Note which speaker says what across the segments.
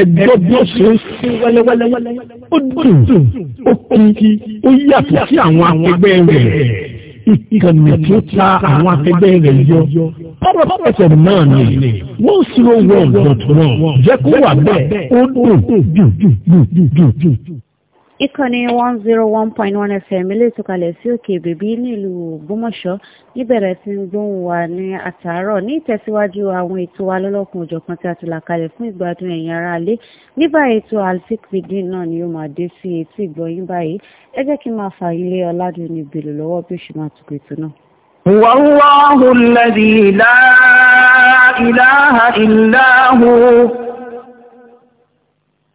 Speaker 1: ẹgbọ́ bí ó ṣe ń sí wẹ́lẹ́wẹ́lẹ́ ó dùn ó kí ó yàtọ̀ sí àwọn akẹgbẹ́ rẹ̀ ìkànnì tí ó ta àwọn akẹgbẹ́ rẹ̀ yọ pọ́pọ́ pẹ̀sẹ̀ náà ni wọ́n sì ń wọ̀n dọ̀tún náà jẹ́ kó wà bẹ́ẹ̀ ó dùn dùn dùn dùn dùn
Speaker 2: ìkànnì one zero one point one fm ilé ìtúkalẹ̀ sí òkè bèbí nílùú ògbómọ̀ṣọ́ níbẹ̀rẹ̀ tí ń gbóhùn wa ní àtàárọ̀ ní ìtẹ̀síwájú àwọn ètò wa lọ́lọ́kùn òjọ̀kan tí a ti là kalẹ̀ fún ìgbádùn ẹ̀yin aráalé nígbà ètò alfikidi náà ni ó máa dé sí etí ìgbọ̀yìn báyìí ẹ jẹ́ kí n máa
Speaker 1: fà ilé ọ̀làdùn ìbèlò lọ́wọ́ bí ó ṣe máa tukọ̀ ètò náà. wàhùn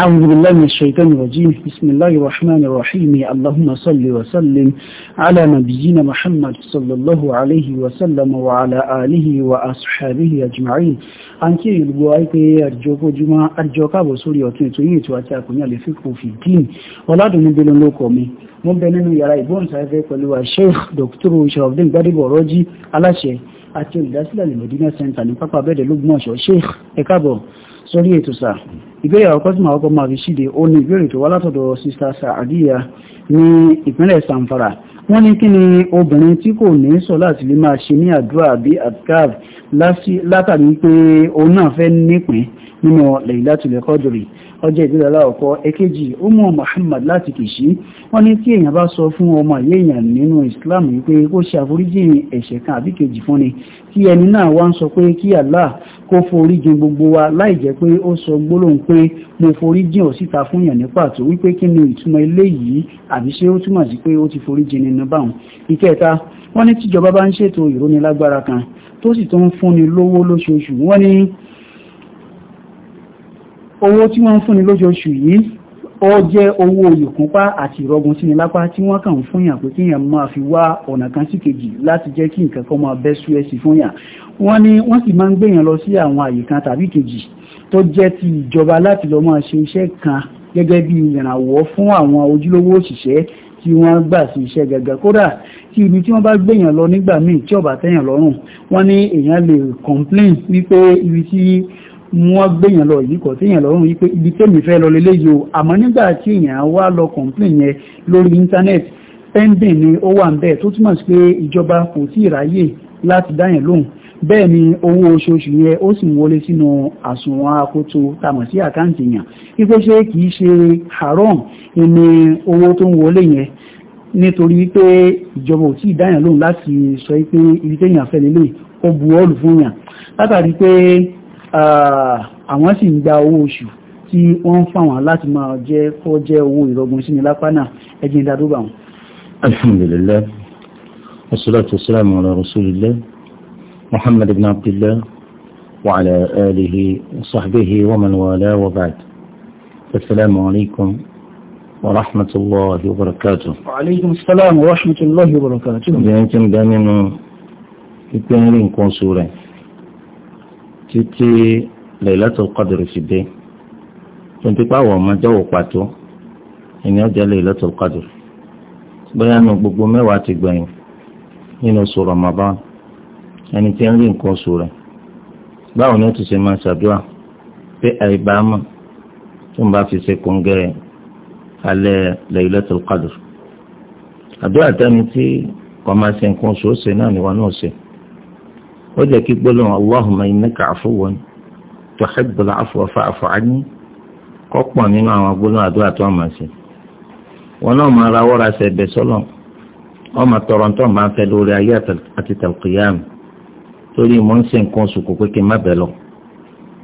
Speaker 1: أعوذ بالله من الشيطان الرجيم بسم الله الرحمن الرحيم اللهم صل وسلم على نبينا محمد صلى الله عليه وسلم وعلى آله وأصحابه أجمعين àǹkí ìlú àìpé àjọkójúmọ́ àjọkábọ̀ sórí ọ̀tún ètò yìí ètò àti àkùnyà lè fi kò fi dín ọ̀làdùnmí bẹ́lẹ̀ lókọ̀ mi mo bẹ nínú yàrá ìgbóhùnsáfẹ́ pẹ̀lú Sheikh Dr. Sharafdin Gbadebo Ọ̀rọ́jí aláṣẹ àti olùdásílẹ̀ lè Medina Center ní pápá abẹ́ẹ̀dẹ̀ lógún ọ̀ṣọ́ Sheikh ẹ káàbọ̀ sórí ètò sáà ìbéèrè àkọ́kọ́ tí màá kọ́ máa fi ṣíde ó ní ìbéèrè tó wá látọ̀dọ̀ sista Saadiya ní ìpínlẹ̀ Samfara wọ́n ní kí ni obìnrin tí kò ní sọ láti lè máa ṣe ní àdúrà bí adkav látàrí pé òun náà fẹ́ nípìn nínú Laylatul Qadri ọjọ́ ìbílẹ̀ aláwọ̀kọ́ èkejì umu muhammad láti kìṣí wọ́n ní tí èèyàn bá sọ fún ọmọ yéèyàn nínú islam wípé kó ṣe àforíjì ẹ̀ṣẹ̀ kan àbí kejì fún ni kí ẹni náà wá ń sọ pé kí allah kó foríjì gbogbo wa láì jẹ́ pé ó sọ gbólóhùn pé mo foríjì ọ̀ síta fún yàn ní pàtó wípé kí ni ìtumọ̀ eléyìí àbí ṣé ó túmọ̀ sí pé ó ti foríjì nínú báwọn ìkẹta wọ́n ní tíjọba bá ń ṣètò ìrónilágbára kan tó sì tó ń fúnni lówó lóṣooṣù wọ́n ní owó tí wọ́n ń fúnni lóṣooṣù yìí ó jẹ́ owó olùkúnpá àti ìrọ̀gùn sí ni lápá tí wọ́n kàn ń fúnyàn pé kíyàn máa fi wá ọ̀nà kan sí kejì láti jẹ́ kí nǹkan kan máa bẹ́ sú ẹ sí fúnyàn wọ́n ní wọ́n sì máa ń gbèyàn lọ sí àwọn àyè kan tàbí kejì tó jẹ́ ti ìjọba láti lọ máa ṣe iṣẹ́ kan gẹ́gẹ́ bí ìrànwọ́ fún àwọn ojúlówó òṣìṣẹ́ tí wọ́n gbà sí iṣẹ́ gẹ́gẹ́ kódà tí ibi tí wọ́n bá gbèyàn lọ nígbà míì tí ó bá lọ́rùn wọ́n ní èèyàn lè complain wípé ibi tí wọ́n gbéyàn lọ yìí kọ̀ tíyàn lọ́rùn wípé ibi tẹ́mi fẹ́ lọ lélẹ́ yìí o àmọ́ nígbà tí èèyàn wá lọ complain yẹn lórí íńtánẹ́ẹ̀tì pending ni ó wà ń bẹ́ẹ̀ tó túmọ̀ sí pé ìjọba kò tí ì ráyè láti dáyàn lóhùn bẹ́ẹ̀ ni owó oṣooṣù yẹn ó sì ń wọlé sínú àsùnwọ̀n akoto tàmọ̀ sí àkáǹtì yàn wípé ṣé kì í ṣe haram ni owó tó ń wọlé yẹn nítorí pé ìjọba ò tí ì dáyàn lóhùn láti sọ pé ibi téèyàn fẹ́ lélẹ̀ ó bu ọ́ọ̀lù fún yàn látàrí pé Ah, àwọn sì ń gba owó oṣù tí wọ́n ń fáwọn láti máa jẹ́ kọ́ jẹ́ owó ìrọ̀gbọ̀n sínú lápá náà ẹjìn ìdádúbà wọn.
Speaker 3: alhamdulillah wassalatu wassalamu ala rasulillah muhammad ibn abdillah wa ala alihi sahbihi wa man wala wa ba'd assalamu alaikum wa rahmatullahi wa barakatuh.
Speaker 1: wa alaikum assalam wa rahmatullahi wa barakatuh. ìgbìyànjú
Speaker 3: ń dá nínú ìpínlẹ̀ nǹkan sóra títí Laylatul Qadr fi dé tuntun pàwọ̀ ọmọdé wò pàtó ìní ọjà Laylatul Qadr bóyá nu gbogbo mẹ́wàá ti gbẹ̀yìn nínú oṣù Ramadan ẹni tí ń rí nǹkan oṣù rẹ̀ báwo ni ó ti ṣe máa ṣàdúrà pé àìbámọ̀ tó ń bá fi ṣe kóńgẹ́ alẹ́ Laylatul Qadr àdúrà tẹ́ni tí kò ṣe nǹkan oṣù ó ṣe náà ni wọn náà ṣe ó jẹ́ kí gbólóhùn allahumma innaka afuwun tuhibbul afwa fa'fu anni kọ́pọ̀ nínú àwọn gbólóhùn àdúrà tó máa ṣe wọn náà máa ra wọ́ra ṣe ẹ̀bẹ̀ sọ́lọ̀ wọ́n máa tọrọ tó máa fẹ́ lórí ayé àti tàlùkìyàmù torí mò ń ṣe nǹkan oṣù kò pé kí n má bẹ̀ lọ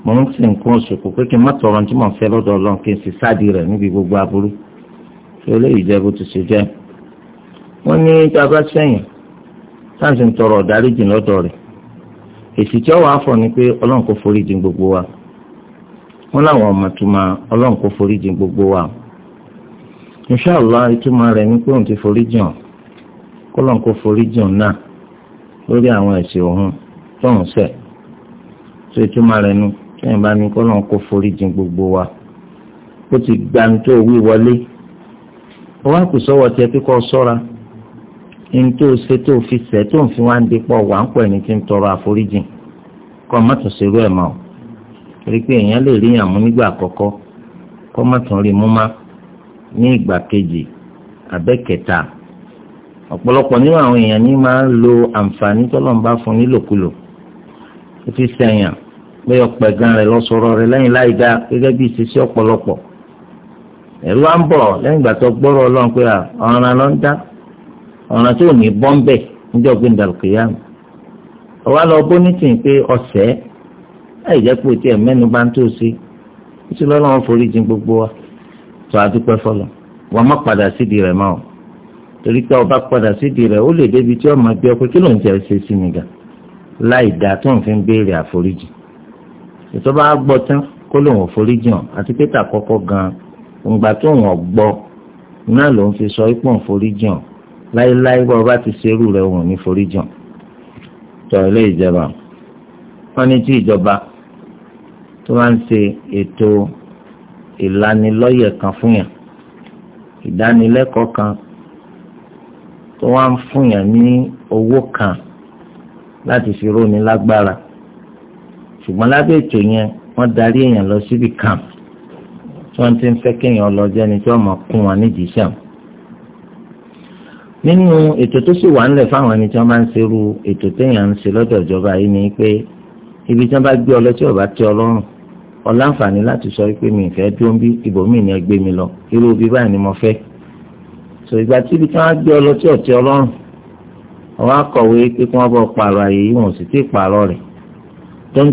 Speaker 3: mò ń ṣe nǹkan oṣù kò pé kí n má tọrọ tí mò ń fẹ́ lọ́dọ̀ ọlọ́run kí n sì sáàdì rẹ̀ níbi gbogbo aburú èsì tí ọwọ́ afọ ni pé ọlọ́run gbogbo wa wọn làwọn ọmọ tó máa ọlọ́run gbogbo wa inṣàlá ìtumọ̀ rẹ̀ ni pé òun ti forí jìn kọ́lọ́n kò forí jìn náà lórí àwọn ẹ̀ṣẹ̀ òun tóun ṣẹ̀ tó ìtumọ̀ rẹ̀ nu bá ní gbogbo wa ó ti gbani wí wọlé ní tó ṣe tó fi ṣẹ̀ tó ń fi wá ń dépọ̀ wà ń pọ̀ ẹni tí ń tọrọ àforíjìn kọ́ ọ má tún ṣerú ẹ̀ mọ́ ọ torí pé èèyàn lè rí ìyàmú nígbà àkọ́kọ́ kọ́ má tún rí mú má ní ìgbà kejì abẹ́kẹta ọ̀pọ̀lọpọ̀ nínú àwọn èèyàn ní máa ń lo àǹfààní tọ́lọ́mbá fún nílòkulò ó ti sẹ̀yàn pé ọ̀pẹ̀ gan rẹ̀ lọ́sọ̀rọ̀ rẹ̀ lẹ́yìn láì gẹ́gẹ́ bí ìṣesí ọ̀pọ̀lọpọ̀ ẹ̀rú à ń bọ̀ lẹ́yìn ìgbà tó gbọ́rọ̀ ọlọ́run pé ọ̀ràn ló ń dá ọ̀ràn tó ní bọ́ńbẹ̀ níjọ́ gbé ndàlùkìyàmù ọ̀wá lọ bó nítìyìn pé ọ̀sẹ̀ láì jẹ́ pé tiẹ̀ mẹ́nu bá ń tó sí ó sì lọ́nà wọn forí jìn gbogbo wa tó a dúpẹ́ fọlọ́ wọn má padà sídìí rẹ̀ mọ́ ọ torí pé ọba padà sídìí rẹ̀ ó lè débi tí ọmọ bí ọkọ kí ló ń jẹ́ ṣe sí mi gà láì dáa tó ń fi béèrè àforíjì ìtọ́ba gbọ́ tán kó lòun ò foríjì hàn àti pété àkọ́kọ́ gan-an ìgbà tó ń gbọ́ náà ló ń fi sọ ipò ń hàn láéláé bọ́ bá ti ṣerú rẹ̀ wọ̀n ní foríjàn tọ́ ilé ìjọba wọ́n ní tí ìjọba tó máa ń ṣe ètò ìlanilọ́yẹ̀ kan fún yàn ìdánilẹ́kọ̀ọ́ kan tó wá ń fún yàn ní owó kan láti fi róni lágbára ṣùgbọ́n lábẹ́ ètò yẹn wọ́n darí èèyàn lọ síbi kan tí wọ́n ti ń fẹ́ kéèyàn lọ jẹ́ni tí wọ́n máa kún wọn nídìí sẹ́wọ̀n nínú ètò tó sì wà ńlẹ̀ fáwọn ẹni tí wọ́n bá ń serú ètò téèyàn ń ṣe lọ́dọ̀ ìjọba yìí ni pé ibi tí wọ́n bá gbé ọ lọ tí ọba tẹ ọ lọ́rùn ọláǹfààní láti sọ pé mi ìfẹ́ dúró ń bí ibòmíì ni ẹ gbé mi lọ irú ibi báyìí ni mo fẹ́ sọ ìgbà tí ibi tí wọ́n gbé ọ lọ tí ọ̀tẹ ọlọ́run àwọn akọ̀wé pé kí wọ́n bọ̀ pààrọ̀ àyè yìí wọ́n sì ti pààrọ̀ rẹ̀ tó ń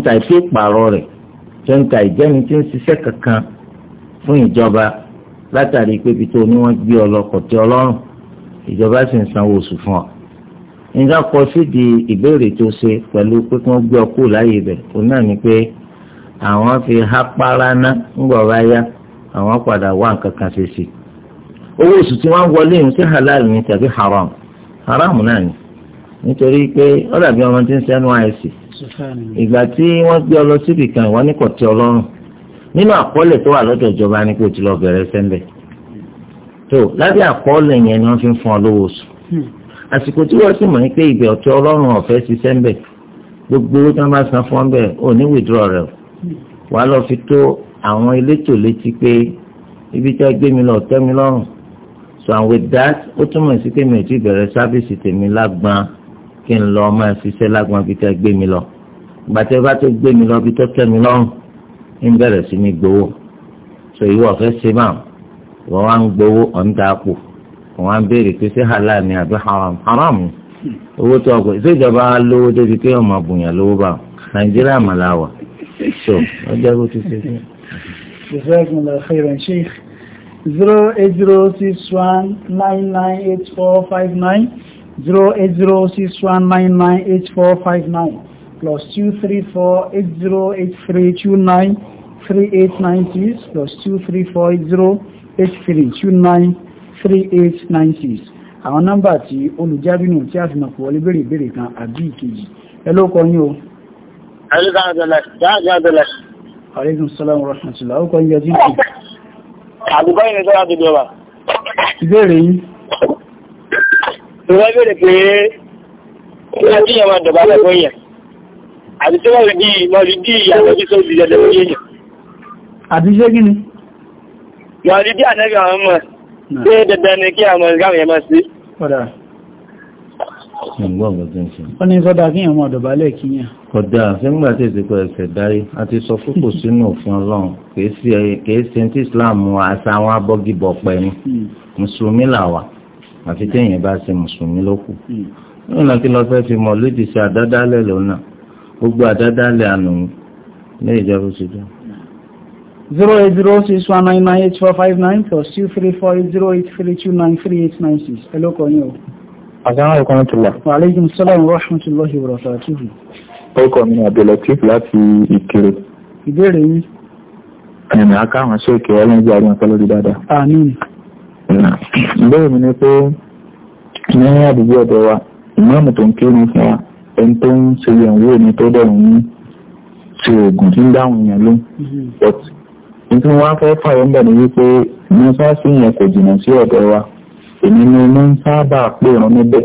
Speaker 3: ìfẹ́ pààrọ̀ ìjọba sì ń sanwó oṣù fún ọ nǹkan kọ sídìí ìbéèrè tó ṣe pẹ̀lú pé gbé ọ kú láyè òun náà ni pé àwọn fi hápára ná ńgbọ̀ bá yá àwọn padà wá nǹkan kan ṣe sí i owó oṣù tí wọ́n wọlé yìí sí halal ni tàbí haram haram náà ni nítorí pé ó dàbí ọmọ tí ń sẹ́nu àìsí ìgbà tí wọ́n gbé ọ lọ síbì kan ìwọ ní nínú àkọọ́lẹ̀ tó wà lọ́dọ̀ ìjọba ni pé o ti lọ bẹ̀rẹ̀ sẹ́ńbẹ̀ẹ́ tó lábẹ́ àkọọ́lẹ̀ yẹn ni wọ́n fi ń fún ọ lówó oṣù hmm. àsìkò tí wọ́n sì mọ̀ pé ibẹ̀ ọ̀tọ̀ ọlọ́run ọ̀fẹ́ ṣiṣẹ́ ń bẹ̀ gbogbo owó tí wọ́n bá san fún ọ bẹ̀ ò ní wìdúrọ̀ rẹ̀ hmm. wàá lọ fi tó àwọn elétò létí pé ibi tí wọ́n gbé mi lọ tẹ́ mi lọ́rùn so and with that ó túmọ̀ sí pé mi ò ti bẹ̀rẹ̀ sáfíìsì tèmi lágbọ́n kí n lọ máa ṣiṣẹ́ lágbọ́n ibi tí wọ́n gbé mi lọ gbàtẹ́ bá tó gbé mi lọ ibi tó so ìwọ ọ̀fẹ́ ṣe báwọn wọ́n wá ń gbowó ọ̀ǹda kù wọ́n wá ń béèrè pé ṣé halal ni àbí haram haram owó tó ọkọ̀ ìṣèjọba lówó débi pé ọmọ àbùyàn lówó bá nàìjíríà màláwà so ọjọ́ bó ti ṣe
Speaker 1: one nine nine eight four five nine, plus two two three three three four nine nine eight 2348083293896 plus two three four 23480 eight three two nine three eight nine six àwọn nọ́mbà tí olùjábínú tí a fi mọ̀ pọ̀ wọlé béèrè ìbéèrè kan àbí ìkejì ẹ ló kọ yín o. aleykum salaam wa rahmatulah ó kọ yín yọjú ìkejì. àbùkọ́ yìí ni sọ́lá ti jọba. ìbéèrè yín. ìwọ́n béèrè pé kí wọ́n ti yàn máa dọ̀bà lẹ́kọ̀ọ́ yẹn àti tí wọ́n rí bí ìyàwó tí tó di dandan fún yẹn. àbí ṣé kí ni yọ̀rí bí ànẹ́bí àwọn ọmọ tí
Speaker 3: dẹ̀dẹ̀ ní kí àwọn ìgbàmù yẹmọ́ sí wọ́n
Speaker 1: ní sọ́dá kí ẹ̀mọ́ ọ̀dọ̀bálẹ̀ kíyàn
Speaker 3: kọ̀dá fíńgbà tí ìsìnkú ẹ̀sẹ̀ dárí àti sọ fúkù sínú òfin ọlọ́run kìí ṣe tí Islam àṣà àwọn abọ́gibọ̀ pẹ̀ ní hmm. mùsùlùmí làwà àfi téèyàn bá ṣe mùsùlùmí lókù hmm. nínú náà kí lọ fẹ́ fi mọ̀ lódì sí àdádálẹ̀ lọ́nà gbogbo àdádálẹ̀ ànú ní ìjọba ṣùgbọ́n
Speaker 1: zero zero 08061998459 plus 2340838293896. Hello, Konyo.
Speaker 3: Assalamu alaikum warahmatullahi.
Speaker 1: Wa alaikum assalam warahmatullahi wabarakatuh. Orúkọ mi ni Abdulatif láti Ìkirè. Ìbéèrè yìí. Ẹ̀mí akáwọn ṣe ìkẹ́ ọlọ́njẹ́ àríwọ̀n pẹ́ lórí dáadáa. Àmín. Ìbéèrè mi ni pé ní àdúgbò ọ̀dọ̀ wa, ìmáàmù tó ń kírun fún wa, ẹni tó ń ṣe ìyàwó mi tó dẹ̀ ń ṣe oògùn tí ń dáhùn yẹn lóhùn. Mm-hmm nítorí wọn fẹ́ fàyọ̀ ń bẹ̀ ní wípé mọ́ṣáláṣí yẹn kò jìnnà sí ọ̀dọ̀ wa èmi ni mo ń sábà pé irun níbẹ̀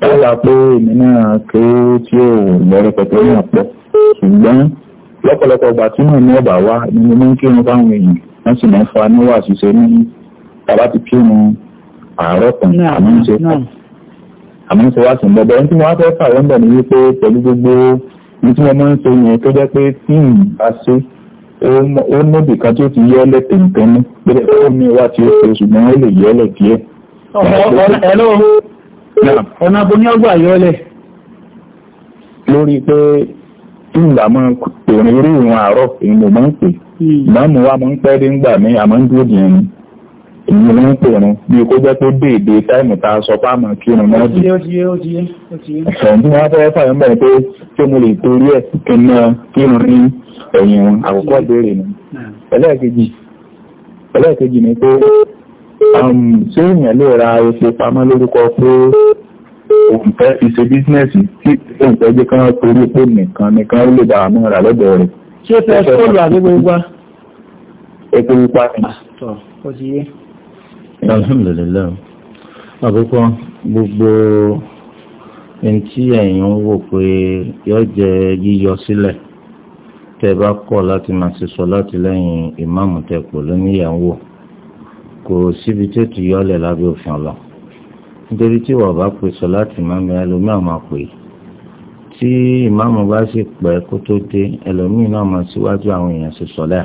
Speaker 1: sábà pé èmi náà ké tí ò lọ́rẹ́pẹ̀tẹ̀ náà pọ̀ ṣùgbọ́n lọ́pọ̀lọpọ̀ ọgbà tí mò ń ọ̀bà wá ni mo ń kírun fáwọn èèyàn wọ́n sì máa ń fa níwà ṣiṣẹ́ ní bàbá ti kírun àárọ̀ kan àmọ́ ń ṣe fún àmọ́ ń ṣe wá sí ń bọ̀bọ̀ tí wọ́n fẹ́ fàyọ̀ ń bẹ̀ ní wípé pẹ̀lú gbogbo ní tí máa ń ṣe yẹn tó jẹ́ pé tí bá ṣe ó níbi kan tí ó ti yẹ́lẹ̀ tẹ̀m̀tẹ̀mú pẹ̀lẹ̀ ó ní wá tí ó ṣe ṣùgbọ́n ó lè yẹ́lẹ̀ díẹ̀. ọ̀nà bo ní ọgbà yọ́lẹ̀. lórí pé tí ìgbà mọ́ òrìn irú ìrùn àárọ̀ èyí mo máa ń pè hmm. ìmáàmù wa máa ń pẹ́ dé ńgbà mí àmọ́ ń dúró dìín ni èyí mo máa ń pè run bí kó jẹ́ pé déédé táìmù tá a sọ pé àmọ́ kí irun náà dì. ẹ̀sán tí wọ́n fẹ́ fàyọ̀ mẹ́rin pé tí mo lè torí ẹ̀ kí n náà kí irun ní ẹ̀yìn wọn àkọ́kọ́ ìbéèrè ni ẹlẹ́ẹ̀kejì ẹlẹ́ẹ̀kejì ni pé um, ṣé èèyàn lè ra epo pamọ́ lórúkọ pé òun fẹ́ fi ṣe bísínẹ́sì tí òun fẹ́ jẹ́ kán torí pé nìkan nìkan ó lè bá àmú rà lọ́dọ̀ rẹ̀ ṣé pẹ́ẹ́sọ́lù àdégbò igba epo pupa ni. Ah, ó ti yé.
Speaker 3: alhamdulilayi àkọ́kọ́ gbogbo ẹni tí ẹ̀yin ń wò pé yóò jẹ yíyọ sílẹ̀ tẹ́ bá kọ̀ láti máa ṣe sọ láti lẹ́yìn ìmáàmù tẹ́ pò lóníyàwó kò síbi tó ti yọlẹ̀ lábẹ́ òfin ọlọ nítorí tí wọ́n bá pè sọ láti ìmáàmù ẹlòmíì àwọn àpè tí ìmáàmù bá sì pẹ́ kó tó dé ẹlòmíì náà máa síwájú àwọn èèyàn ṣe sọlẹ̀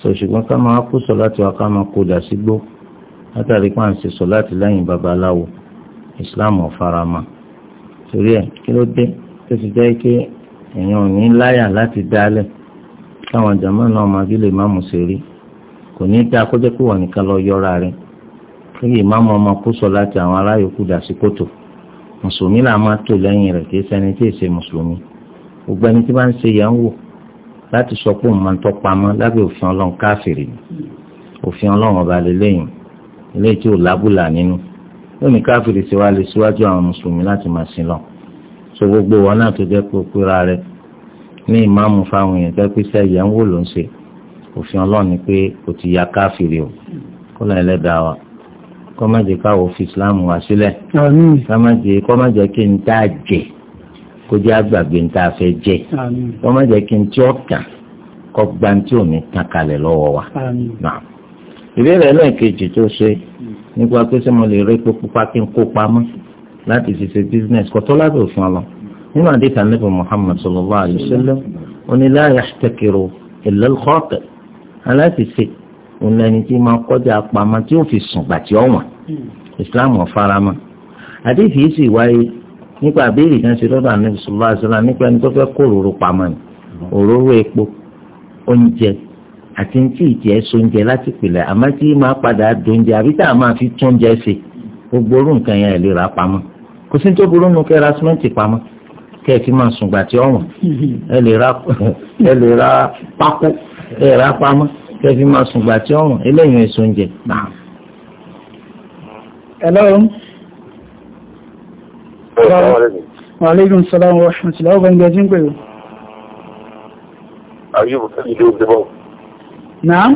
Speaker 3: sọ ṣùgbọ́n ká máa kó sọ láti wá ká máa kó sígbó látàrí pé à sọ láti lẹ́yìn babaláwo islam ò torí ẹ̀ kí ló dé tó ti jẹ́ pé èèyàn ò ní láyà láti dálẹ̀ káwọn jàmáà náà máa bí lè má mú sí rí kò ní dá kọjá pé wọn nìkan lọ yọra rẹ̀ kí ìmáàmù ọmọ kó sọ láti àwọn aráyòkú dà sí kòtò mùsùlùmí là máa tò lẹ́yìn rẹ̀ kì í ṣẹni tí ì ṣe mùsùlùmí gbogbo ẹni tí bá ń ṣe yẹn ń wò láti sọ pé òun máa ń tọ́ pamọ́ lábẹ́ òfin ọlọ́run káfìrì òfin ọlọ́run ọba lélẹ́yìn eléyìí tí ò lábùlà nínú lónìí káfìrì ti wá lè síwájú àwọn mùsùlùmí láti máa sin lọ́n so gbogbo wọn náà tó jẹ́ pé ó pera rẹ̀ ní ìmáàmù fáwọn èèyàn jẹ́ pé sẹ́yìn ẹ̀ wò ló ń ṣe òfin ọlọ́run ni pé kò ti ya káfíìrì o kó lọ ẹlẹ́dàá wa kó má jẹ́ káwọ́ fi islam wá sílẹ̀ kó má jẹ́ kí n tá a jẹ kó jẹ́ àgbàgbé n tá a fẹ́ jẹ kó má jẹ́ kí n tí ó tàn kó gba n tí ò tàn kalẹ̀ lọ́wọ́ wa. ìbéèrè ẹlẹ́ẹ̀kejì tó ṣe nípa pé sẹ́mo lè rí epo pupa kí kó pamọ́ láti fi ṣe business kọ́tọ́ lábẹ́ òfin ọlọ nínú àdéhùn anábì Muhammad sallallahu alayhi wa sallam onílé ayàtẹkẹrọ ìlọlọkọọkẹ aláṣẹṣe òun lẹni tí máa kọjá apamọ tí ó fi sùn gbàtí ọwọn Islam ọfarama àdéhùn yìí sì wáyé nípa àbẹ́rẹ́ kan ṣe lọ́dọ̀ anábì sallallahu alayhi wa sallam nípa ẹni tó fẹ́ kó òróró pamọ́ ni òróró epo oúnjẹ àti ní tí ìjẹ́ sóúnjẹ láti pìlẹ̀ àmọ́ tí máa padà dóúnjẹ àbí tá a máa fi túnjẹ ṣe gbogbo orú nǹkan yẹn ìlera pamọ́ kò sí tó burú nu kẹ́ ra símẹ́ǹtì pamọ́ kẹ́ ẹ fi máa sùn gbà tí ọ̀wọ̀n ẹ lè ra ẹ lè ra pákó ẹ ra pamọ́ kẹ́ ẹ fi máa sùn gbà tí ọ̀wọ̀n eléyìí èso ń jẹ náà.
Speaker 1: hello. wa aleykum salaam wa rahmatulah ọba ǹjẹ́ jíǹkpé o.
Speaker 4: ayúbù fẹ́ ìdí òbí bọ́.
Speaker 1: náà.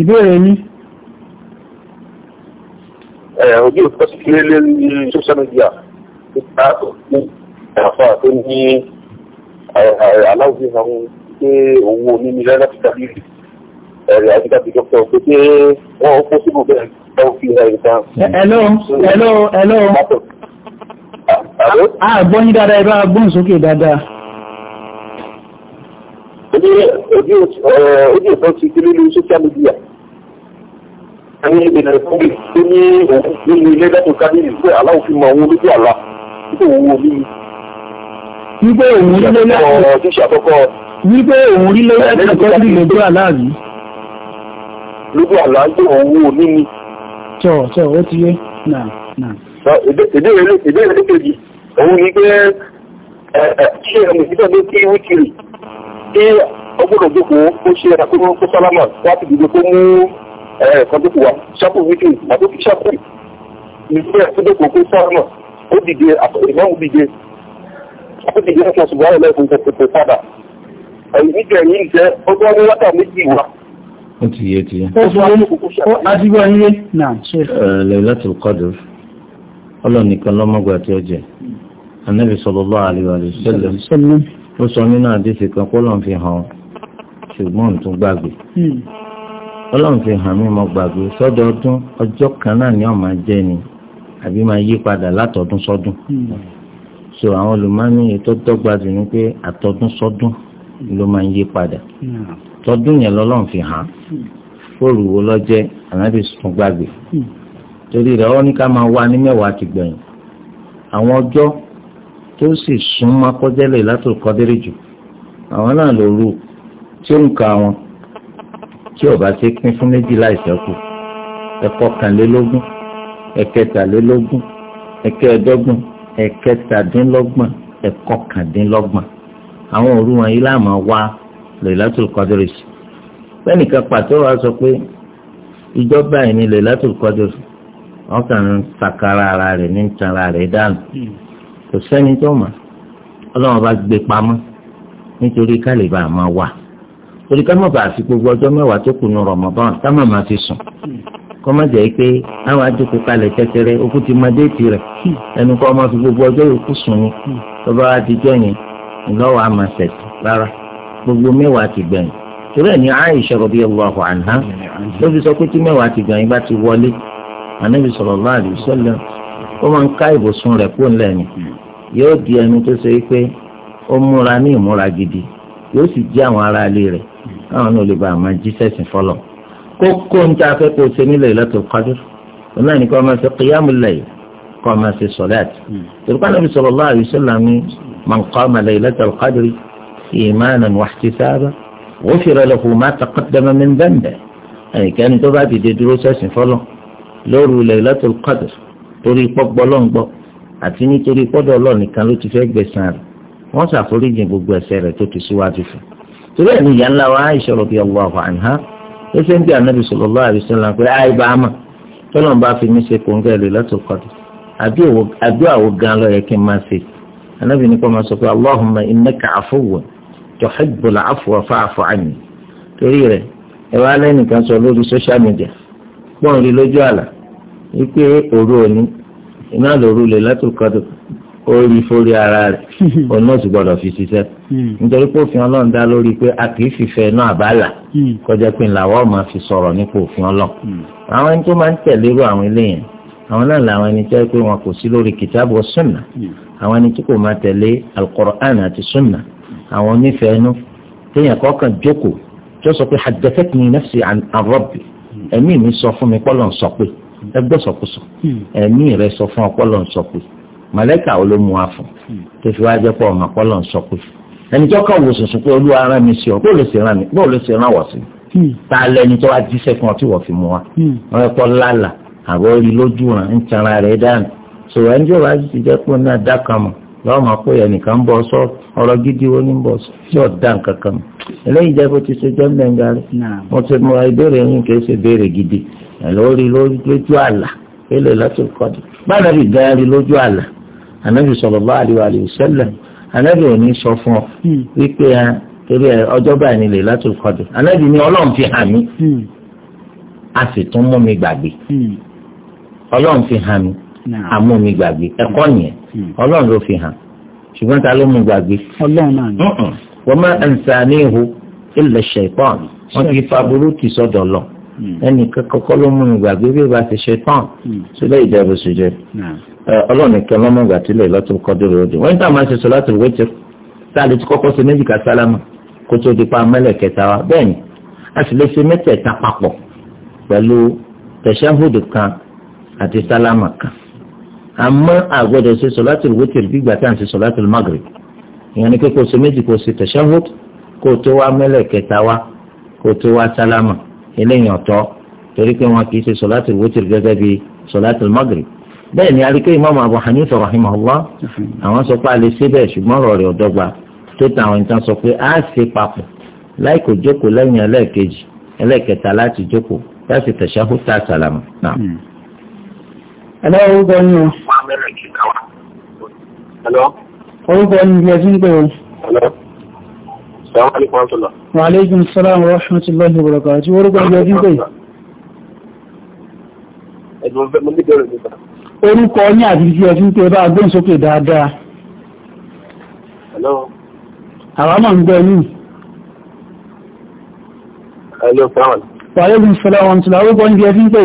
Speaker 1: ìbéèrè mi. Eh, ojú ìfọ́ sí kéré lórí social media nípa òkú àfa tó ní eh, eh, aláwùjọ àwọn pé owó onímìlẹ láti dàbí rí ẹ̀rẹ̀ àdídàbí dọ́kítọ̀ pé pé wọ́n ó kó síbò bẹ́ẹ̀ lọ́wọ́ fi ẹ̀rẹ̀ kan. hello hello hello. àgbọ̀n yín dáadáa ibà gbọ́n sókè dáadáa. ojú ìfọ́ sí kéré lórí social media ẹni ìbẹ̀rẹ̀ fún mi tó ní òun nínú ilé lẹ́tọ̀ kábíyì pé aláwọ̀ fi mọ òun lójú àlá nígbà òun omi mi. wípé òun rí lẹ́yìn ọ̀rọ̀ tó ṣe àkọ́kọ́. wípé òun rí lẹ́yìn ọ̀rọ̀ tó ṣe lójú àlá rí. lójú àlá ń gbé òun omi mi. tọ tọ ó ti yé nà nà. ìbéèrè kejì òun ni pé ṣé ẹni ìdíjọ́ ló kí wíkìrì ṣé ọgbọ́dọ̀ gbogbo ó ṣe àkókò sálámà láti dìbò tó mú ẹ̀rọ kan tó kù wá ṣọ́pù wíkì àbókí ṣọ́pù ìgbẹ́ ẹ̀fọ́dọ̀kọ̀ kó sọ́ọ̀nà ó dìde ìmọ̀ òdìde àtúndìde ọ̀sán ṣùgbọ́n ẹ̀rọ ẹ̀fọ́ ìfẹ̀fẹ̀ padà ẹ̀yìn níjọ yìí ń jẹ́ ọgbọ́n ní wákà méjì wá.
Speaker 3: ó ti yé ti yé. adigun ayé náà ṣe. Laylatul Qadr Ọlọ́run nìkan lọ́mọgbà tí ó jẹ Ànábì sallallahu alaihi wa sallam ó sọ nínú àdéhùn kan kó lọ́n fi hàn ṣùgbọ́n tó gbàgbé hmm ọlọ́run fi hàn mí mo gbàgbé sọ́dọọdún ọjọ́ kan náà ni ọ̀ma jẹ́ ni àbí máa yí padà látọ̀dún sọ́dún so àwọn olùmọ́ni ètò dọ́gba jù ni pé àtọ̀dún sọ́dún ló máa ń yí padà tọdún yẹn lọ́lọ́run fi hàn fóòrù wo lọ́jẹ́ ànábì sùn gbàgbé torí rẹ̀ ọ́ ní ká máa wá ní mẹ́wàá ti gbẹ̀yìn àwọn ọjọ́ tó sì súnmọ́ kọjẹ́lẹ̀ látòkọ́dẹ́rẹ́ jù àwọn náà lòrú tí ó ń ka wọn tí ó bá ṣe pín fún méjì láìsẹ́kù ẹ̀kọkànlélógún ẹ̀kẹtàlélógún ẹ̀kẹẹ̀dọ́gbọ̀n ẹ̀kẹtàdínlọ́gbọ̀n ẹ̀kọkàndínlọ́gbọ̀n àwọn òru wọn yìí láàmú wá Lailatul Qadri pẹ́ẹ́nìkan pàtó wa sọ pé ìjọba yìí ni Lailatul Qadri wọn kàn ń sakara ara rẹ̀ ní tanra rẹ̀ dànù kò sẹ́ni tó mọ̀ ọlọ́run bá gbé pamọ́ nítorí ká máa wà torí ká má bàa fi gbogbo ọjọ́ mẹ́wàá tó kù ní Ramadan ká má má fi sùn kọ́ má jẹ́ pé àwọn àjòkò kalẹ̀ tẹ́tẹ́rẹ́ okú ti má déètì rẹ̀ ẹnu kọ́ má fi gbogbo ọjọ́ yòókù sùn ní tó bá wá dijọ́ yẹn ìlọ́wọ́ àmà sẹ̀tì rárá gbogbo mẹ́wàá ti gbẹ̀yìn torí ẹ̀ ní Aisha radiyallahu anha ló fi sọ pé tí mẹ́wàá ti gbẹ̀yìn bá ti wọlé Ànábì sallallahu alaihi wasallam ni yóò di ẹni tó ṣe pé ó sì jí àwọn aráalé rẹ̀ káwọn náà lè ba àmọ́ jíṣẹ́ sìn fọlọ́ kókó ń ta afẹ́ kó o ṣe nílẹ̀ lọ́tò kájúr ọ̀nà ní kó o máa ṣe kíyàmù láyl kó o máa ṣe sọ̀láàt tòlùkọ́ Ànábì sallallahu alaihi wasallam man qama laylatal qadri imanan wa ihtisaban ghufira lahu ma taqaddama min dhanbihi ẹnikẹ́ni tó bá dìde dúró sẹ́sìn fọlọ́ lóru laylatul qadr torí pọ́gbọ́lọ́ngbọ́ àti nítorí pọ́dọ̀ ọlọ́ọ̀nìkan ló ti torí ẹni ìyá ńlá wa Aisha radiyallahu anha ó ṣe ń bí anabi sallallahu alaihi wasallam pé àìbámà tọ́lọ́n bá fi mí ṣe kóńgẹ́ Lailatul Qadr àbí àwo gan lọ yẹ kí n máa ṣe anabi nípa máa sọ pé Allahumma innaka afuwwun tuhibbul afwa fa'fu anni torí rẹ̀ ẹ wá lẹ́nìkan sọ lórí social media pọ́n lójú àlà wípé òru òní iná lòru Lailatul Qadr ó rí fórí ara rẹ̀ hmm. òun náà sì gbọ́dọ̀ fi ṣiṣẹ́ hmm. nítorí pé òfin ọlọ́run dá lórí pé a kì í fìfẹ́ náà àbálà hmm. kọjá pé làwọn máa fi sọ̀rọ̀ nípa òfin ọlọ́run àwọn ẹni tó máa ń tẹ̀lé irú àwọn eléyìí àwọn náà làwọn ẹni tó yẹ pé wọn kò sí lórí kìtàbù sunna àwọn ẹni tí kò máa tẹ̀lé alukur'an àti sunna àwọn onífẹ̀ẹ́ inú téèyàn kọ́kàn jókòó tó sọ pé ẹ̀mí rẹ sọ fún ọpọlọ ń pé mọ̀lẹ́kà ó ló mú wa fún tó fi wá jẹ́ pọ̀ ọmọ pọ́lọ̀ ń sọ pé ẹni tó kàn wò sùnsùn pé olúwa ara mi sí ọ bó ló ṣe ràn mí bó ló ṣe ràn wọ̀ sí hmm. ta lẹni tó wá jíṣẹ́ fún ọ tí wọ́n fi mú wa hmm. wọ́n rẹ́ pọ́ lálà àbọ̀ orí lójú ràn ń tanra rẹ̀ dànù sọ̀rọ̀ ẹni tó bá ti jẹ́ pé ó ní adákanmọ̀ lọ́wọ́ máa pé ẹnìkan ń bọ̀ sọ ọ̀rọ̀ gidi wo ní ń bọ̀ ọ̀dà nǹkan kan eléyìí jẹ́ bó ti ṣe jẹ́ mẹ́ngàrí mo ti mọ ìbéèrè yín kì í ṣe ìbéèrè gidi lórí lójú àlà ilẹ̀ lọ́tún kọ́dí. báyìí rí gaari lójú àlà ànábì sallallahu alaihi wa sallam ànábì ò ní sọ fún ọ hmm. wípé torí ọjọ́ báyìí nílẹ̀ lọ́tún kọ́dí ànábì ní ọlọ́run fi hàn mí hmm. a sì tún mú mi gbàgbé hmm. ọlọ́run fi hàn mí àmú mi gbàgbé ẹ̀kọ́ yẹn ọlọ́run ló fi hàn ṣùgbọ́n ta ló mú gbàgbé. ọlọ́run náà ni. wọ́n ti fa burú Hmm. ẹnìkan kọ́kọ́ ló mú mi gbàgbé bí ìbá ti ṣe tán sílẹ̀ ìjẹ́bù sí jẹ́ ọlọ́run nìkan lọ́mọ ìgbà tí ilẹ̀ lọ́tún kọ́ dúró lóde wọ́n ń tà máa ṣe sọ láti wéjẹ sáàlì tí kọ́kọ́ ṣe méjì ká sálámà kó tó di pa mẹ́lẹ̀ kẹta wa bẹ́ẹ̀ ni a sì lè ṣe mẹ́tẹ̀ẹ̀ta papọ̀ pẹ̀lú tẹ̀síáhùdù kan àti sálámà kan àmọ́ àgbọ̀dọ̀ ṣe sọ láti wéjẹ bí ìgbà ṣe sọ láti magrib ìyẹn ni pé kó ṣe méjì kó ṣe tẹ̀síáhùdù kó tó wá mẹ́lẹ̀ kẹta wa kó tó wá sálámà eléyìí ọ̀tọ̀ torí pé wọn kì í ṣe sọláàtì wútìrì gẹ́gẹ́ bí sọláàtì maghrib bẹ́ẹ̀ ni arike imaamu abu hanifa rahimahullah àwọn sọ pé a lè ṣe bẹ́ẹ̀ ṣùgbọ́n ọ̀rọ̀ rẹ̀ ọ̀dọ́gba tó ta àwọn ìtàn sọ pé a ṣe papọ̀ láì kò jókòó lẹ́yìn ẹlẹ́ẹ̀kejì ẹlẹ́ẹ̀kẹta láti jókòó láti tẹ̀sán fún tá a sàlámù náà. ẹ̀lọ́ hmm. orúkọ yín o. orúkọ yín ni
Speaker 1: ẹ Assalamu alaikum warahmatullahi. Wa alaikum assalam warahmatullahi wabarakatuh. Orúkọ ìjọ ọdún pé. Orúkọ ní àdìsí ọdún pé bá gbọ́n sókè dáadáa. Àwọn máa ń gbọ́ ní. Wa alaikum assalam warahmatullahi. Orúkọ ìjọ ọdún pé.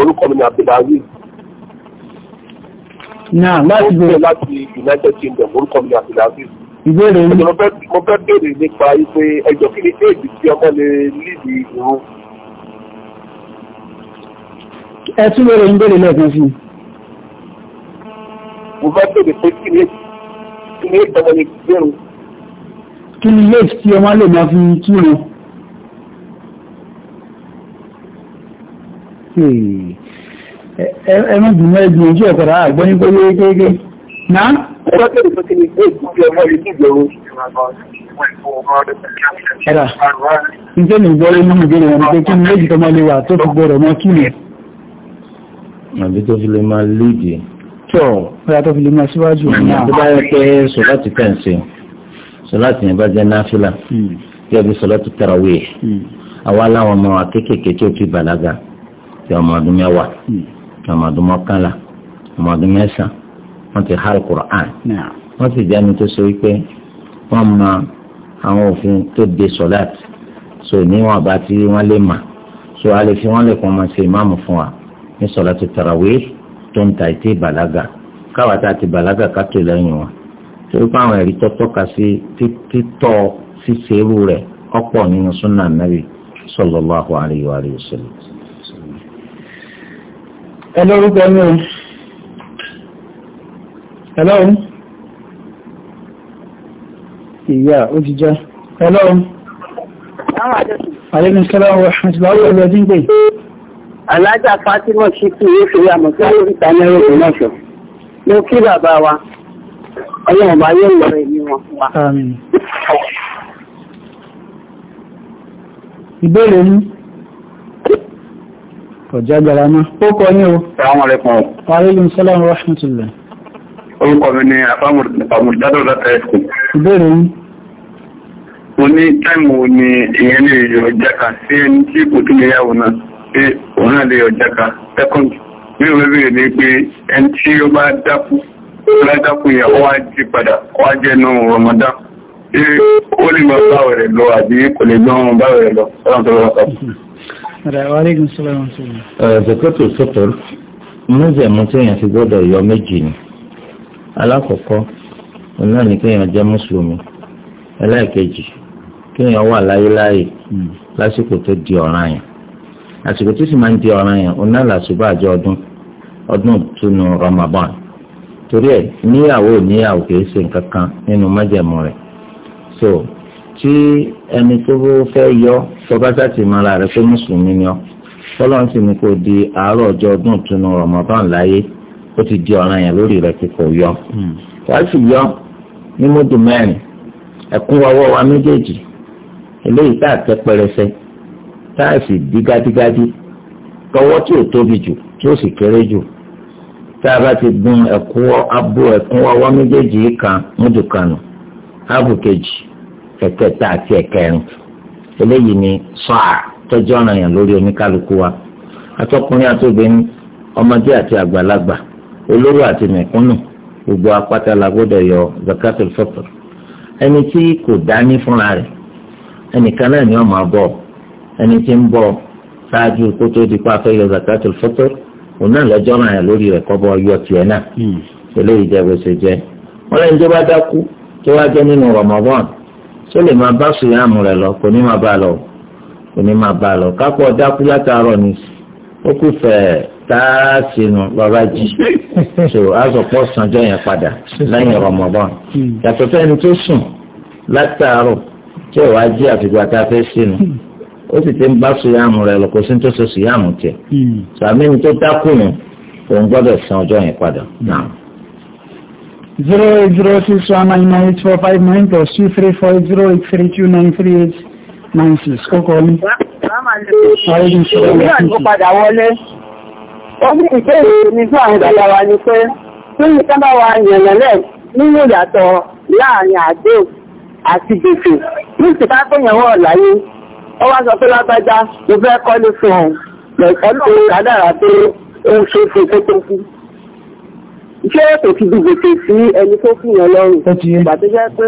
Speaker 1: Orúkọ mi ni Abdulaziz náà láti bẹ̀rẹ̀ láti United Kingdom orúkọ mi àti lafiz ìbéèrè yìí mo fẹ́ béèrè nípa ipe ẹjọ́ kí ni éèdì tí ọmọ lè lídìí ìrún ẹ tún lè ròyìn béèrè lẹ́ẹ̀kan sí mo fẹ́ béèrè pé kí ni éèdì ọmọ lè gbẹ̀rún kí ni éèdì tí ọmọ lè máa fi kírun ẹ̀mọ́ jù mọ́ ẹgbì ojú ẹ̀kọ̀rọ̀ àgbọ́ ní kóyé kéèké náà ẹ̀rà ìjẹ́ ní ìgbọ́rẹ́ nínú ìgbèrè wọn pé kí méjì tó máa lè wà tó fi gbọ́rọ̀ mọ́ kí ni
Speaker 3: àbí tó fi lè máa léde
Speaker 1: tọ́ ọ̀rẹ́ tó fi lè máa síwájú tó bá yẹ pé
Speaker 3: sọ láti kẹ́ǹsì sọ láti yẹn bá jẹ́ náfìlà kí hmm. ẹbí sọ láti tarawih hmm. àwa láwọn ọmọ akékèké tí ó ti bàlágà tí ọmọ ọdún mẹ́wàá hmm. ọmọdún mọ́kànlá ọmọdún mẹ́sàn-án wọ́n ti hàl Qur'an wọ́n sì jẹ́nu tó so wípé wọ́n mọ àwọn òfin tó de sọ̀láàt so níwọ̀n bá tí wọ́n lè mà so a lè fi wọ́n lè kàn máa ṣe ìmáàmù fún wa ní sọ̀láàtì tarawih tó ń ta ìtì ìbàlágà káwa tá a ti bàlágà ká tó lẹ́yìn wọn torí pé àwọn ẹ̀rí tó tọ́ka sí títọ́ ṣíṣe irú rẹ̀ ọ̀pọ̀ nínú súnà nàbì sallallahu alaihi wa sallam.
Speaker 1: Hello, Daniel. Hello. Ìyá, ó ti já. Hello. Àlékún sọ́lá wa ṣàtìláwò ẹgbẹ́ ọdún pé. Alájà Fátímọ̀ sí kí ó fi àmọ̀ sí àlóríta mẹ́rin òun náà ṣọ. Mo kí bàbá wa,
Speaker 4: ọlọ́run bá yóò lọ
Speaker 1: ẹ̀mí wọn wá. Ìbéèrè mú kọjá gbára náà ó kọ ní o Assalamu alaikum alaikum salaam rahmatullah orúkọ mi ni àpamọ̀dádọ̀ láti ẹ̀kù ìbéèrè yìí mo ní táìmù ni ìyẹn lè yọ jáka sí ẹni tí kò tún lè yàwó náà pé òun náà lè yọ jáka second mi ò bẹ̀rẹ̀ ní pé ẹni tí ó bá dákú ó bá dákú yẹn ó wá lè lọ báwẹ̀rẹ̀ lọ àbí kò lè lọ báwẹ̀rẹ̀ lọ ọlọ́run tó lọ́wọ́ Aleykum salaam.
Speaker 3: Zakatul fitr mọ́sẹ̀mú téèyàn ti gbọ́dọ̀ yọ méjì ni. ni kéèyàn jẹ́ Mùsùlùmí. Ẹlẹ́ẹ̀kejì kéèyàn wà lásìkò tó di ọ̀ràn yẹn. Àsìkò tó di ọ̀ràn yẹn, náà làṣùbọ̀ àjọ ọdún ọdún túnú Ramadan. Torí ẹ̀ níyàwó níyàwó kìí tí ẹni tó bó fẹ́ yọ tọ́bátà ti mọ ara rẹ pé mùsùlùmí ni ọ fọlọ́n sì ni kò di àárọ̀ ọjọ́ ọdún ìtúnu Ramadan láyé ó ti di ọ̀ràn yẹn lórí rẹ kíkọ yọ. Hmm. wàá sì yọ ní mọ́tò mẹ́rin ẹ̀kún wọwọ́ wa méjèèjì eléyìí tá a tẹ́ pẹrẹsẹ tá a sì di gádígádí tọwọ́ tí ò tóbi jù tí ó sì kéré jù tá a bá ti gun ẹ̀kún abó ẹ̀kún wọwọ́ méjèèjì kan mọ́tò kanu áàbù kejì ẹ̀kẹta àti ẹ̀kẹrin eléyìí ni sọ́à tọ́jú ọ̀ràn yẹn lórí oníkálukú wa atọ́kùnrin àtòbìnrin ọmọdé àti àgbàlagbà olóró àti mẹ̀kúnnù gbogbo apáta la gbọ́dọ̀ yọ zakatul fitr ẹni tí kò dání fúnra rẹ̀ ẹnìkan náà ni ọmọ abọ́ ẹni tí ń bọ̀ ṣáájú kó tó di pa fẹ́ yọ zakatul fitr òun náà lọ́jọ́ ọ̀ràn yẹn lórí rẹ̀ kọ́bọ̀ yọ tiẹ̀ náà hmm. eléyìí jẹ́ bó ṣe jẹ́ wọ́n lẹ́yìn tó bá dákú tó wá jẹ́ nínú Ramadan tó lè máa bá sùyàmù rẹ̀ lọ kò ní máa bá lọ kò ní máa bá lọ kápọ̀ dákú látàárọ̀ ni ó kù fẹ̀ẹ́ tààrà sínú lọ́ba jì so azọ̀pọ̀ sanjọ́ yẹn padà lẹ́yìn Ramadan yàtọ̀ fẹ́ni tó sùn látàárọ̀ tí ò wá jí àfìgbà tá a fẹ́ sínú ó sì ti ń bá sùyàmù rẹ̀ lọ kò sí ní tó hmm. so tiẹ̀ sàmínú tó dákú yẹn òun gbọ́dọ̀ san ọjọ́ yẹn padà hmm. náà
Speaker 1: zero eight zero six one nine nine eight four five nine plus two three four eight zero eight three two nine three eight nine six kọ́kọ́ ní.
Speaker 4: ìgbéyàn tó padà
Speaker 1: wọlé ó ní ìkéèrè ní fún àwọn
Speaker 2: bàbá wa ni ní sábà wa yànnàlẹ́ nínú ìyàtọ̀ láàrin àdó
Speaker 1: àti ní ìsìnká tó yàn wọ́n láyé ó wá sọ pé lágbájá mo fẹ́ kọ́lé fún ṣé ètò ti di gbèsè sí ẹni tó fún yẹn lọ́rùn ìgbà tó jẹ́ pé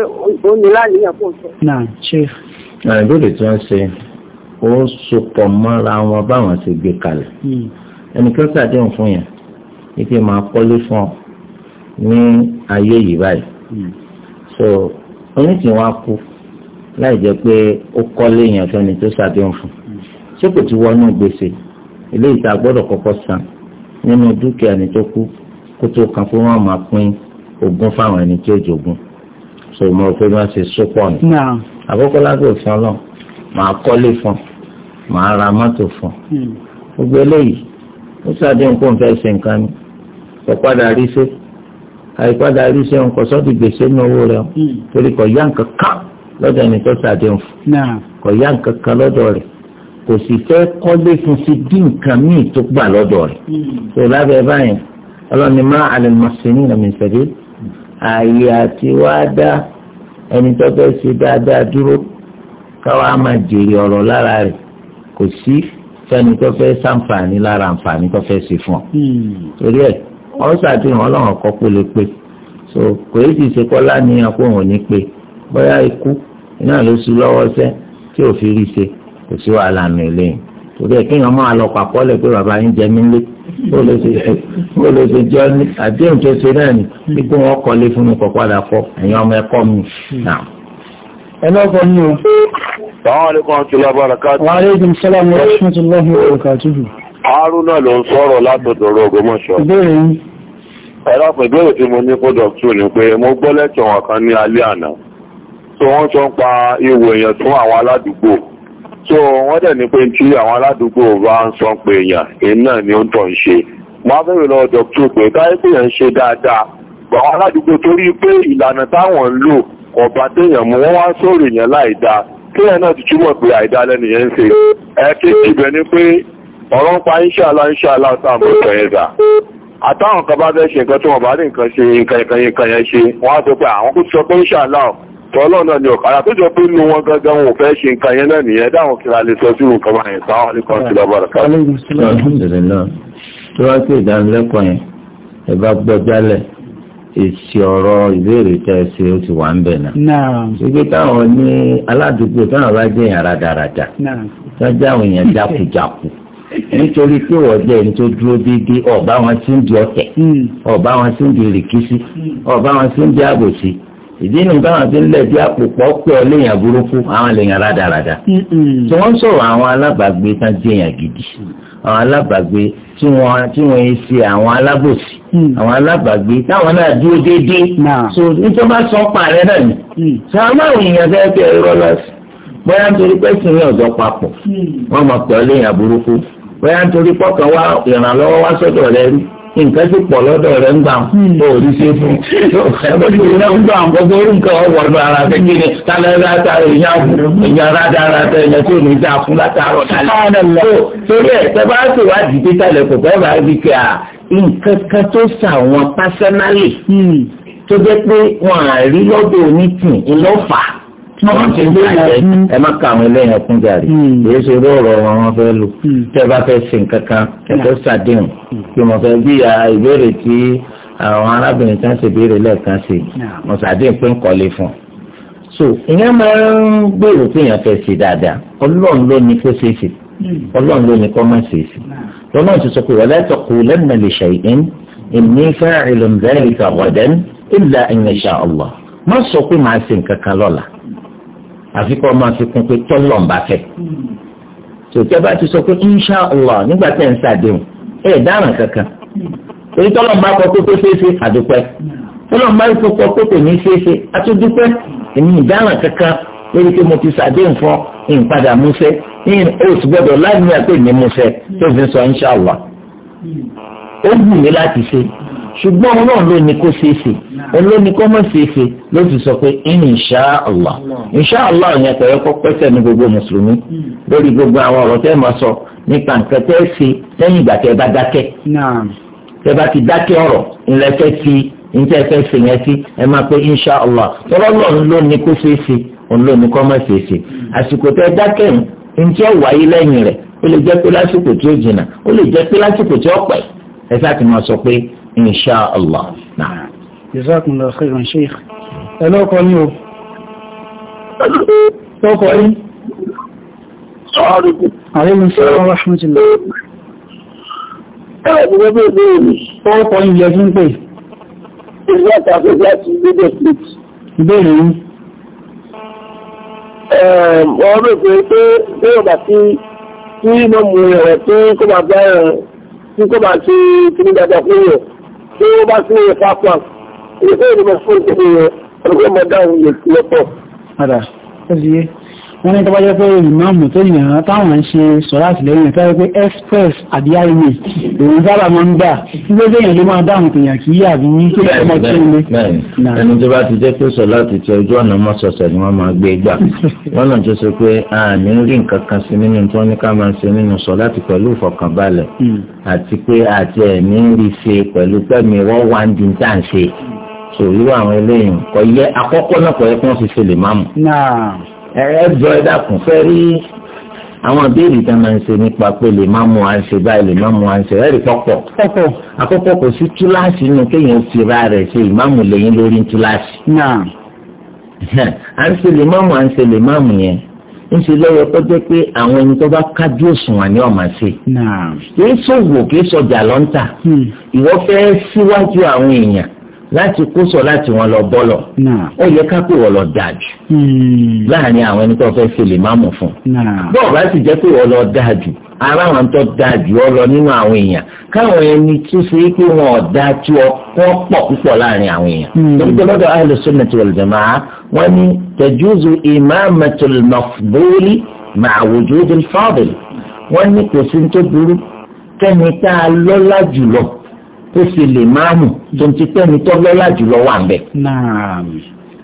Speaker 1: ó ní láníyàn fún ọ̀sẹ̀.
Speaker 3: náà ṣe. ìbéèrè tí wọ́n ṣe ó sopọ̀ mọ́ra wọn báwọn ṣe gbé kalẹ̀ hmm. ẹnì kan ṣàdéhùn fún yẹn ike máa kọ́lé fún ọ ní ayé yìí báyìí hmm. so onítìwọ́n á kú láì jẹ́ pé ó kọ́lé yẹn fẹ́ni tó ṣàdéhùn fún hmm. ṣé kò ti wọnú gbèsè eléyìí tá a gbọ́dọ̀ kọ́kọ́ san nínú dúkìá ni tó kú kó tó kan fún wọn máa pín ogún fáwọn ẹni tí ó jogún so mo rò pé wọn ṣe sopọ ni. àkọ́kọ́ lábẹ́ òfin ọlọ́run màá kọ́lé fún màá ra mọ́tò fún hmm. gbogbo eléyìí ó ṣàdé nǹkan fẹ́ ṣe nǹkan ni kò padà rí ṣe àìpadà rí ṣe nǹkan sọ́dún gbèsè ní owó rẹ̀ hmm. torí kò yá nǹkan kan lọ́dọ̀ ẹni tó ṣàdé fún kò yá nǹkan kan lọ́dọ̀ rẹ̀ kò sì fẹ́ kọ́lé fún sí dín nǹkan míì tó gbà lọ́dọ̀ rẹ̀ tó hmm. lábẹ́ báyìí ọlọ́ni máa àlùmọ̀sìnì ìrìnàmìsẹ̀dé ààyè àti wá dá ẹni tó fẹ́ ṣe dáadáa dúró káwa máa jèrè ọ̀rọ̀ lára rẹ̀ kò sí fẹ́ni tó fẹ́ ṣàǹfààní lára àǹfààní tó fẹ́ ṣe fún ọ. torí ẹ ọ̀hún ṣàfihàn ọlọ́run kọ́ pé lè pé so kò yé sì ṣe kọ́lá ní akóhùn òní pé bóyá ikú iná ló sùn lọ́wọ́ sẹ́ tí ò rí ṣe kò sí wàhálà mi lẹ́yìn torí ẹ kéèyàn máa lọ pàpọ́ lẹ̀ pé bàbá yín jẹ mí lé bóòlù ṣe ṣe bóòlù ṣe jẹ́ ní ṣe náà ni wípé fún mi kọ̀ padà kọ́ ẹ̀yin ọmọ ẹ̀kọ́ mi nà. ẹ lọ́kọ̀ ní o. sàwọn àti lábára wàhálà ìdùnnú sọlá mi ti sọ̀rọ̀
Speaker 1: ìbéèrè yìí. ìbéèrè tí ni pé mo gbọ́ kan ní alẹ́ àná tí wọ́n sọ ń pa so wọ́n dẹ̀ ní pé tí àwọn aládùúgbò bá ń sọ pé èèyàn èyí náà ni ó ń tọ̀ ń ṣe wọ́n á bẹ̀rẹ̀ lọ́wọ́ dọ̀tún pé káyé pé èèyàn ń ṣe dáadáa àwọn aládùúgbò torí pé ìlànà táwọn ń lò ọ̀bà téèyàn mú wọ́n wá sóòrè yẹn láìda kéèyàn náà ti túbọ̀ pé àìda lẹ́nu yẹn ń ṣe ẹ kéèkì bẹ ni pé ọ̀rọ̀ ń pa inshallah inshallah táwọn ọ̀sẹ̀ yẹn dà àtàwọn kan bá fẹ́ ṣe nǹkan tí wọ́n bá ní nǹkan ṣe nǹkan ìkànnì ìkànnì ṣe wọ́n á sọ pé àwọn kò sọ pé inshallah tọ́lọ́ náà ni ọ̀kàrà tó jọ pé inú wọn gangan wọn fẹ́ ṣe nǹkan yẹn náà nìyẹn dáwọn kí la lè sọ sí nǹkan máa yẹn sáwọn nìkan sí lọ́bọ̀rọ̀ ká.
Speaker 3: tó wá sí ìdánilẹ́kọ̀ọ́ yẹn ẹ bá gbọ́ jálẹ̀ èsì ọ̀rọ̀ ìbéèrè tẹ́ ẹ ṣe ó ti wà ń bẹ̀ náà. ṣùgbọ́n táwọn ní aládùúgbò táwọn bá jẹ́ èèyàn rádaràdà tọ́jú àwọn èèyàn jákujàku nítorí pé wọ́n jẹ́ ẹni tó dúró déédéé ọ̀bá wọn sí ń di ọ̀tẹ̀ hmm. ọ̀bá wọn sí ń di rìkísí hmm. ọ̀bá wọn sí ń di àbòsí ìdí inú táwọn ti ń lẹ̀ bí àpòpọ̀ pé ọ léèyàn burúkú àwọn léèyàn rádaràda tí wọ́n sọ̀rọ̀ àwọn alábàágbé tán jẹ́yàn gidi àwọn alábàágbé tí wọ́n tí wọ́n yé ṣe àwọn alábòsí mm. àwọn alábàágbé táwọn náà dúró déédéé so nítorí bá sọ parẹ́ náà ni ṣe mm. àwọn èèyàn fẹ́ẹ́ fẹ́ rọ́ lọ́sùn bóyá nítorí pé sìn ní ọ̀dọ́ papọ̀ mm. wọ́n mọ̀ pé ọ léèyàn burúkú bóyá nítorí pọ́kàn wá ìrànlọ́wọ́ wá sọ́dọ̀ rẹ rí nǹkan ti pọ̀ lọ́dọ̀ rẹ̀ ń gbà hmm. ó rí ṣe fún ẹgbẹ́ tí ìyá ń gbà gbogbo orí nǹkan ara rẹ̀ kí ni tálẹ̀ ráta ìyá ìyá ráta ráta ìyá ní dá fún látàárọ̀ tálẹ̀. torí ẹ̀ tẹ́ bá sì wá dìde tálẹ̀ kò bẹ́ẹ̀ bá rí kí a nǹkan kan tó ṣàwọn pásánálì hmm. tó jẹ́ pé wọ́n á rí lọ́dọ̀ onítìǹ ńlọ́fà ẹ má ka àwọn eléyàn kún jàre èyí hmm. ṣe irú ọ̀rọ̀ wọn wọn fẹ́ lò hmm. tẹ́ bá fẹ́ sìn kankan ẹ̀tọ́ sàdéhùn hmm. kí mo fẹ́ bí ìbéèrè tí àwọn arábìnrin kan ṣe béèrè lẹ́ẹ̀kan sí mo sàdéhùn pé ń kọ́lé fún un so ìyẹn máa ń gbèrò pé èèyàn fẹ́ ṣe dáadáa ọlọ́run ló ní kó ṣe é ṣe ọlọ́run ló ní kó má ṣe é ṣe lọ́nà ti sọ pé wala taqulanna li shay'in inni fa'ilun dhalika ghadan illa in sha Allah má sọ pé màá ṣe nǹkan lọ́la àfi kọ́ máa fi kún pé tọ́lọ̀ ń bá fẹ́. sòtẹ́ bá ti sọ pé insha allah nígbà tẹ̀ ń sàdéhùn ẹ̀ dáràn kankan torí tọ́lọ̀ ń bá kọ́ pé ṣeéṣe àdúpẹ́ tọ́lọ̀ ń bá kọ́ pé kò ní ṣeéṣe àtúndúpẹ́ èmi ìdáràn kankan lórí pé mo ti sàdéhùn fún ìpadà múṣẹ ní oṣù gbọdọ̀ láì ní àpè ní múṣẹ tó fi sọ insha allah ó wù mí láti ṣe ṣùgbọ́n òun náà ló ní kó ṣeé ṣe olóní kó mọ̀ ṣeé ṣe ló ti sọ pé insha allah insha allah yẹn kọ̀ yẹ kó pẹ́sẹ̀ ní gbogbo mùsùlùmí hmm. lórí gbogbo àwọn ọ̀rọ̀ tẹ́ ẹ máa sọ nípa nǹkan tẹ́ ẹ ṣe lẹ́yìn ìgbà tẹ́ ẹ bá dákẹ́ tẹ́ bá ti dákẹ́ ọ̀rọ̀ ńlẹ̀ fẹ́ ti níta ẹ fẹ́ ṣe yẹn sí ẹ máa pé insha allah tọ́lọ́ ló ní kó ṣeé hmm insha allah.
Speaker 1: jazakumullahu khairan sheikh ẹ lọ́kọ ní o lọ́kọ yìí. Àrílù sọ́rọ̀ rahmatullah. Ẹ̀rẹ̀ ti gbogbo ìgbé ìlú. Ọkọ̀ ìyẹ̀ fún pè. Ìgbẹ́ àtàkùn láti gbogbo ìpìtì. Ìbéèrè yìí. Wọ́n rò pé pé bẹ́ẹ̀ bà tí tí mọ́ mú ẹ̀rẹ̀ tí kó bá bẹ́ẹ̀ tí kó bá tí kí ní dàgbà fún yẹ̀ tí wọ́n bá sí ní fáfá ìfẹ́ ìdìbò fún ìpínlẹ̀ ọgbọ́n mọ̀dá òun lè fi lọ́pọ̀ wọ́n ní tó bá jẹ́ pé ìmáàmù tó yàn táwọn ṣe sọ̀láàtì lẹ́yìn tó pé express àbí àìmì èyí sábà máa ń gbà tí ló déyàn ló máa dáhùn tèèyàn kì í àbí ní tó lè mọ́ tí ilé.
Speaker 3: ẹni tó bá ti jẹ́ pé sọ̀láàtì ti ojú ọ̀nà mọ́sọ̀ọ̀sẹ̀ ni wọ́n máa gbé e gbà wọ́n lọ́n tó ṣe pé àmì ń rí nǹkan kan sí nínú tí wọ́n ní ká máa ṣe nínú sọ̀láàtì pẹ̀lú ìfọ̀kànbalẹ̀ hmm. àti pé àti ẹ̀mí ń rí ṣe pẹ̀lú pẹ̀mí wọ́n wá ń di tá à ń ṣe sòwúrò àwọn eléyìí kò yẹ àkọ́kọ́ náà kò yẹ kí wọ́n fi ṣe lè máàmù ẹjọ ẹ dákun fẹ́ rí àwọn ìbéèrè tá a máa ń ṣe nípa pé lè má mú à ń ṣe báyìí lè má mú à ń ṣe ẹ̀rí pọ̀pọ̀ àkọ́kọ́ kò sí túláàsì inú kéèyàn fi ra rẹ̀ ṣe ìmáàmù lẹ́yìn lórí túláàsì. à ń ṣe lè má mú à ń ṣe lè má mú yẹn ń ṣe lọ́wọ́ tó jẹ́ pé àwọn ẹni tó bá kájú òṣùwọ̀n ni ọ̀mà ṣe. kì í ṣòwò kì í ṣọjà lọ́ńtà hmm. ìwọ síwájú àwọn èèyàn láti kó sọ láti wọn lọ bọ́lọ̀ ó yẹ ká pé wọ́n lọ dájú hmm. láàrin àwọn ẹni tó fẹ́ ṣe lè máàmù fún bọ́ọ̀ bá sì jẹ́ pé wọ́n lọ dájú ara wọn tó dájú ọ lọ nínú àwọn èèyàn káwọn ẹni tó ṣe é pé wọn ò dájú ọ kọ́ pọ̀ púpọ̀ láàrin àwọn èèyàn hmm. torí lọ́dọ̀ ahlu sunnati wal wọ́n ní tajuzu imamatul wọ́n ní kò sí ní tó burú kẹ́ni tá kó ṣe lè máa mú tó ti tẹ́ni tó lọ́lá jùlọ wà ń bẹ̀.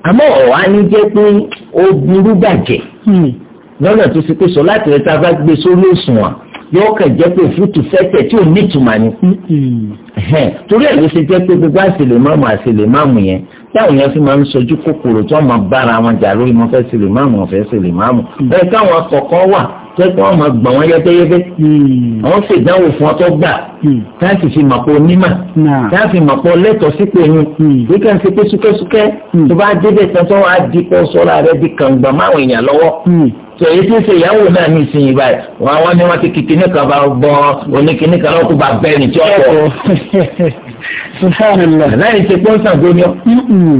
Speaker 3: àmọ́ ọ̀wá ní jẹ́ pé ó burú bàjẹ́ hmm. lọ́nà tó ṣe pé sọ láti rẹ̀ tá a bá gbé sórí òṣùwọ̀n yóò kàn jẹ́ pé òfútu fẹ́tẹ̀ tí ò ní ìtumọ̀ ni. Hmm. torí ẹ̀ ló ṣe jẹ́ pé gbogbo àṣìlè máàmù àṣìlè máàmù yẹn táwọn yẹn fi máa ń sojú kòkòrò tí wọ́n máa bára wọn jà lórí mo máàmù mo máàmù. bẹ́ẹ̀ káwọn kọ̀ọ̀kan wà tẹ́tọ́ ọmọ gbọ̀n wọn yẹ́tẹ́yẹ́tẹ́ àwọn hmm. ṣèdánwò fún ọtọ́ gbà hmm. táàsì fi màpọ̀ onímà táàsì màpọ̀ lẹ́tọ̀ọ́ sípò yín wíkẹ́ ń ṣe pé súkẹ́súkẹ́ hmm. tó bá débẹ̀ tẹ́tọ́ wa di kọ́ sọ́ra rẹ di kàǹgbà máwọn èèyàn lọ́wọ́ tẹ̀yẹ́ tí ń ṣe ìyàwó náà ní ìsinyìí báyìí wọn àwọn ni wọn ti kìkì ní kan bá gbọ́ òní kìíní kan lọ́kùn bá bẹ́ẹ̀ ní tí ó pọ̀.
Speaker 1: láyé ṣe pọ́ńsà gbóni ọ́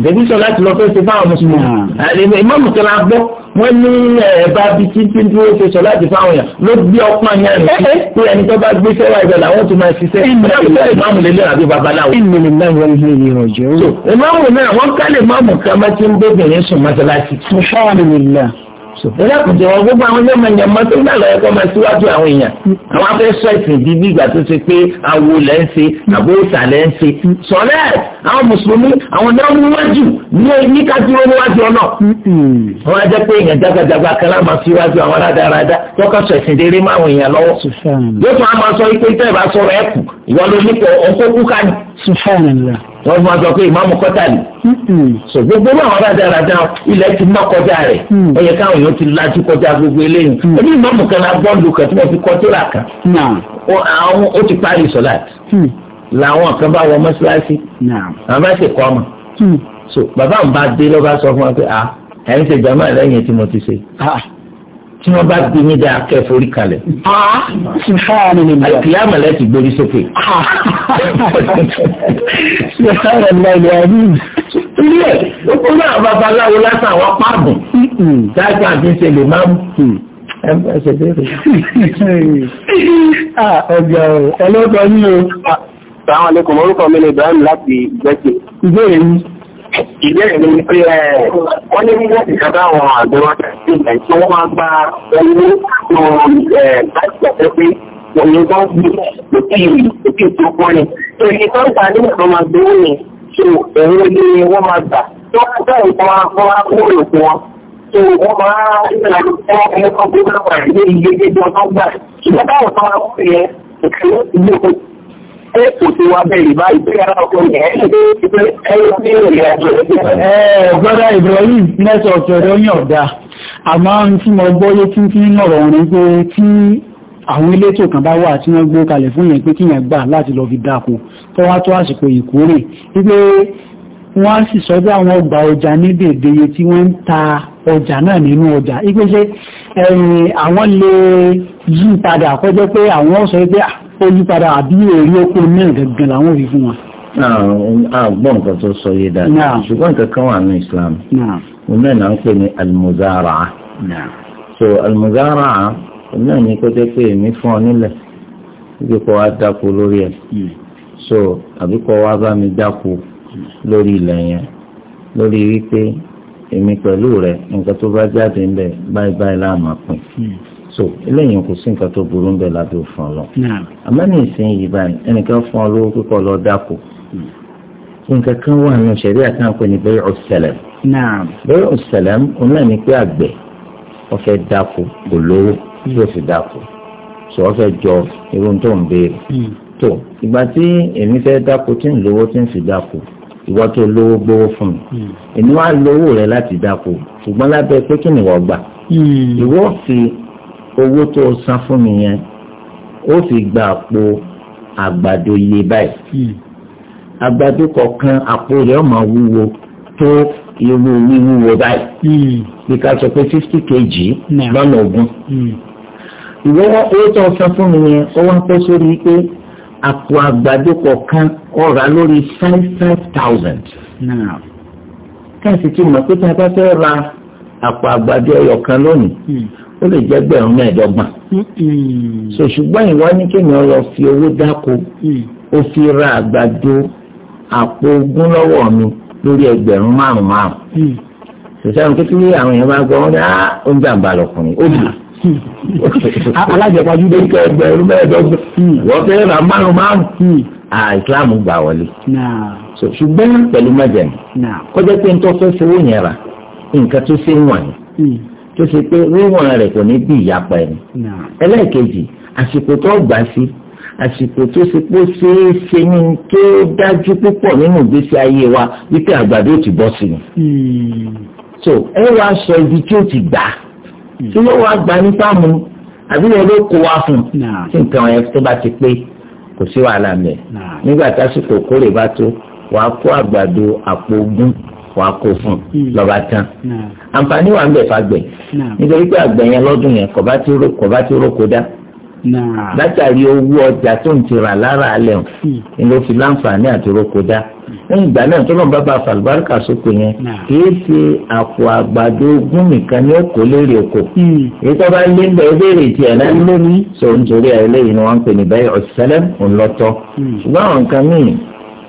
Speaker 1: tẹ̀bí sọ láti lọ fẹ́ ṣe fáwọn mùsùlùmí. àlè ìmọ̀ mùsùlùmí wọ́n ní eh, ẹ̀ẹ́bá bí títí dúró ṣe sọ láti fáwọn èèyàn ló gbé ọpọ́n yẹn rìn sí eh, eh. pé ẹni tó bá gbé sẹ́wà ìbẹ̀ làwọn tó máa ṣiṣẹ́ ìmáàmù lélẹ̀ àbí babaláwo. ìmìlì náà wọ́n lè yẹ ìrànjẹ́ o. ìmáàmù náà wọ́n kálẹ̀ máàmù kan bá ti ń gbé ìdá kò jẹ́ wọn gbogbo àwọn yẹ́mọ̀ yẹ́mọ̀ tó gbà lọ́yẹ̀ kọ́ máa síwájú àwọn èèyàn àwọn afẹ́ sẹ́ẹ̀tì bíbí ìgbà tó ṣe pé awo lẹ́ ń ṣe àbó ìsà lẹ́ ń ṣe
Speaker 3: sọ̀rẹ́ àwọn mùsùlùmí àwọn náà mú wájú ní ní kásìrò níwájú ọ̀nà. wọ́n á jẹ́ pé èèyàn jágajàgba kan láà máa síwájú àwọn rádaràda tọ́ka sọ ẹ̀sìn déédéé máa wọ̀nyí lọ́wọ́. yóò tún á máa sọ ikú tẹ́ ẹ̀ bá sọ̀rọ̀ ẹ̀kú ìwọ ló ní kó ọkọ̀ kú ká ní
Speaker 1: wọ́n máa sọ pé ìmáàmù kọ́tàlì. sọ gbogbo náà wọn bá dára dá ilẹ̀ ti má
Speaker 3: kọjá rẹ̀ mm. ó yẹ káwọn èèyàn ti lajú kọjá gbogbo eléyìí. ó mm. ní ìmáàmù kan náà bọ́ọ̀lù kan tí wọ́n fi kọ́ tó rà kan. àwọn ó ti parí sọ̀láàtì. Hmm. làwọn kan bá wọ mọ́ṣáláṣí. àwọn bá ṣe kọ́ ọmọ. Hmm. so bàbá mi bá dé lọ́ba sọ fún wa pé à ẹ̀ ń ṣe jàmáà lẹ́yìn tí mo ti ṣe. Ah tí wọ́n bá bí mi dáa kẹ́ forí kalẹ̀. àìkìyà mọ̀lẹ́ ti gbórí sókè.
Speaker 1: ilé ẹ̀ ó ní àwọn babaláwo lásán àwọn páàbù dájú àti ṣe lè máa mú. Mm. ẹ bá ṣe béèrè. ọjà ọlọ́dọ̀ yín o. Ah, sàwọn alekùn orúkọ mi ni Ibrahim láti ìgbẹ́sẹ̀. ìbéèrè yìí ìbẹ̀rẹ̀ ló ní pé wọ́n ní wíwọ́n ti kàdá àwọn àgbẹ̀wọ̀n tàbí ìgbà tí wọ́n máa gba owó tó láìpẹ́
Speaker 2: pé òní bá gbé òkè òkè tó pọ́n ni. tó ní tó ń ta ní ìkan máa
Speaker 1: gbé òní tó òun ní wọ́n máa gbà tó ń tẹ̀ ìkan wọn wá kúrò fún wọn. tó wọ́n máa ń gbà wọ́n ẹ̀kọ́ gbé náà wà ní iye gbé wọn tó gbà. ṣùgbọ́n táwọn tó máa kú yẹn ìkànnì ìlú pé kò sí wa bẹ̀rẹ̀ báyìí pé ara ọkọ yẹn ẹ̀ ẹ̀ gbọ́dọ̀ Ibrahim nẹ́tọ̀ọ̀tì ọ̀dọ́ ní ọ̀dà àmọ́ tí mo gbọ́ yé tí tí nọ̀rọ̀ orin pé tí àwọn elétò kan bá wà tí wọ́n gbé kalẹ̀ fún yẹn pé kí yẹn gbà láti lọ fi dáko tó wá tó àsìkò ìkórè wípé wọ́n á sì sọ́jọ́ àwọn ọgbà ọjà ní dèdèye tí wọ́n ń ta ọjà náà nínú ọjà wípé ṣe àwọn lè yí padà
Speaker 3: kọjọ́ pé àwọn sọ pé ah, ó yí padà àbí èrí oko náà gẹ̀gẹ̀ làwọn òfin fún wọn. àgbọ̀n nǹkan tó sọ yé dáadáa ṣùgbọ́n nǹkan kan wà ní Islam òun náà ń pè ní almuzara so almuzara òun náà ní kó jẹ́ pé èmi fún ọ nílẹ̀ ibi kọ́ wa dáko lórí ẹ̀ hmm. so àbí kọ́ wa bá mi dáko lórí ilẹ̀ yẹn lórí wípé èmi pẹ̀lú rẹ̀ nǹkan tó bá jáde ń bẹ̀ báyìí báyìí láàmú pin. Hmm so eléyìí kò sí nǹkan tó burú bẹ́ẹ̀ lábẹ́ òfin ọlọ àmọ́ ní ìsìn yìí báyìí ẹnìkan fún ọ lówó pípọ̀ lọ dáko nǹkan kan wà nù sẹ̀rí àtàǹkọ́ ní bẹ́ẹ̀ ọ̀sẹ̀lẹ̀m bẹ́ẹ̀ ọ̀sẹ̀lẹ̀m òun náà ní pé àgbẹ̀ ọ̀fẹ́ dáko kò lówó yóò fi dáko sọ ọ̀fẹ́ jọ irun tó ń béèrè tó hmm. ìgbà tí èmi fẹ́ dáko tí ń lówó tí ń fi dáko ìwọ tó lówó gbówó fún mi hmm. ni wọ́n gbà hmm owó tó o san fún mi yẹn ó fi gba àpò àgbàdo iye báyìí hmm. àgbàdo kọ̀ọ̀kan àpò rẹ̀ ó máa wúwo tó irú wíwúwo báyìí hmm. bí ká sọ pé fifty kg lọ́nà ogún hmm. ìwé owó tó o san fún mi yẹn ó wá pẹ́ sórí pé àpò àgbàdo kọ̀ọ̀kan ọ̀rà lórí five five thousand káàsì tí mo mọ̀ pé tí a bá fẹ́ ra àpò àgbàdo ẹyọ kan lónìí ó lè jẹ́ gbẹ̀rún mẹ́ẹ̀ẹ́dọ́gbọ̀n mm-hmm. so ṣùgbọ́n ìwọ ní kéèyàn lọ fi owó dáko mm-hmm. ó fi ra àgbàdo àpò ogún lọ́wọ́ mi lórí ẹgbẹ̀rún márùn márùn sọsẹ́nu mm-hmm. kékeré àwọn èèyàn máa gbọ́ wọn ní oúnjẹ ah, àǹbá lọkùnrin ó bì alájọpájú ló ń kẹ ẹgbẹ̀rún mẹ́ẹ̀ẹ́dọ́gbọ̀n wọ́n fẹ́ ra márùn márùn àìsílámù gbà wọlé ṣùgbọ́n pẹ̀lú mẹ́jẹ̀ kọjá pé ń tọ́ fẹ́ fowó yẹn ra nǹkan tó ṣe ń wà ní tó ṣe pé wíwọ̀n rẹ̀ kò ní bí ìyapa ẹni. ẹlẹ́ẹ̀kejì àsìkò tó gbà sí àsìkò tó ṣe pé ṣeé ṣe ní tó dájú púpọ̀ nínú ìgbésí ayé wa wípé àgbàdo ti bọ́ sí ni. Hmm. so ẹ wá sọ ibi tí ó ti gbà tí hmm. ló wá gbà nípa mu àbí ẹ ló kó wa fún tí nǹkan ẹ tó bá ti pé kò sí wàhálà mẹ nígbà tásìkò kórè bá tó wàá kó àgbàdo àpò ogún kó a kó fún hmm. lọ́ba tán àǹfààní wà ń bẹ̀ fagbẹ̀ nítorí pé àgbẹ̀ yẹn lọ́dún yẹn kò bá ti róko dá látàrí owó ọjà tó ń ti rà lára alẹ́ o hmm. ni ló fi láǹfààní àti róko dá hmm. lẹ́yìn ìgbà náà tó lọ́n bá bá falùbáríkà sóko yẹn kìí ṣe àpò àgbàdo ogún nìkan ní òkò lérè òkò èyí tó bá lé ńbẹ ẹgbẹ́rẹ́ tiẹ̀ náà ló ní sọ nítorí ẹlẹ́yìn ni wọ́n ń pè ní bẹ́ẹ̀ ọ̀sẹ̀lẹ̀ ńlọ́tọ́ ṣùgbọ́n àwọn nǹkan mìíràn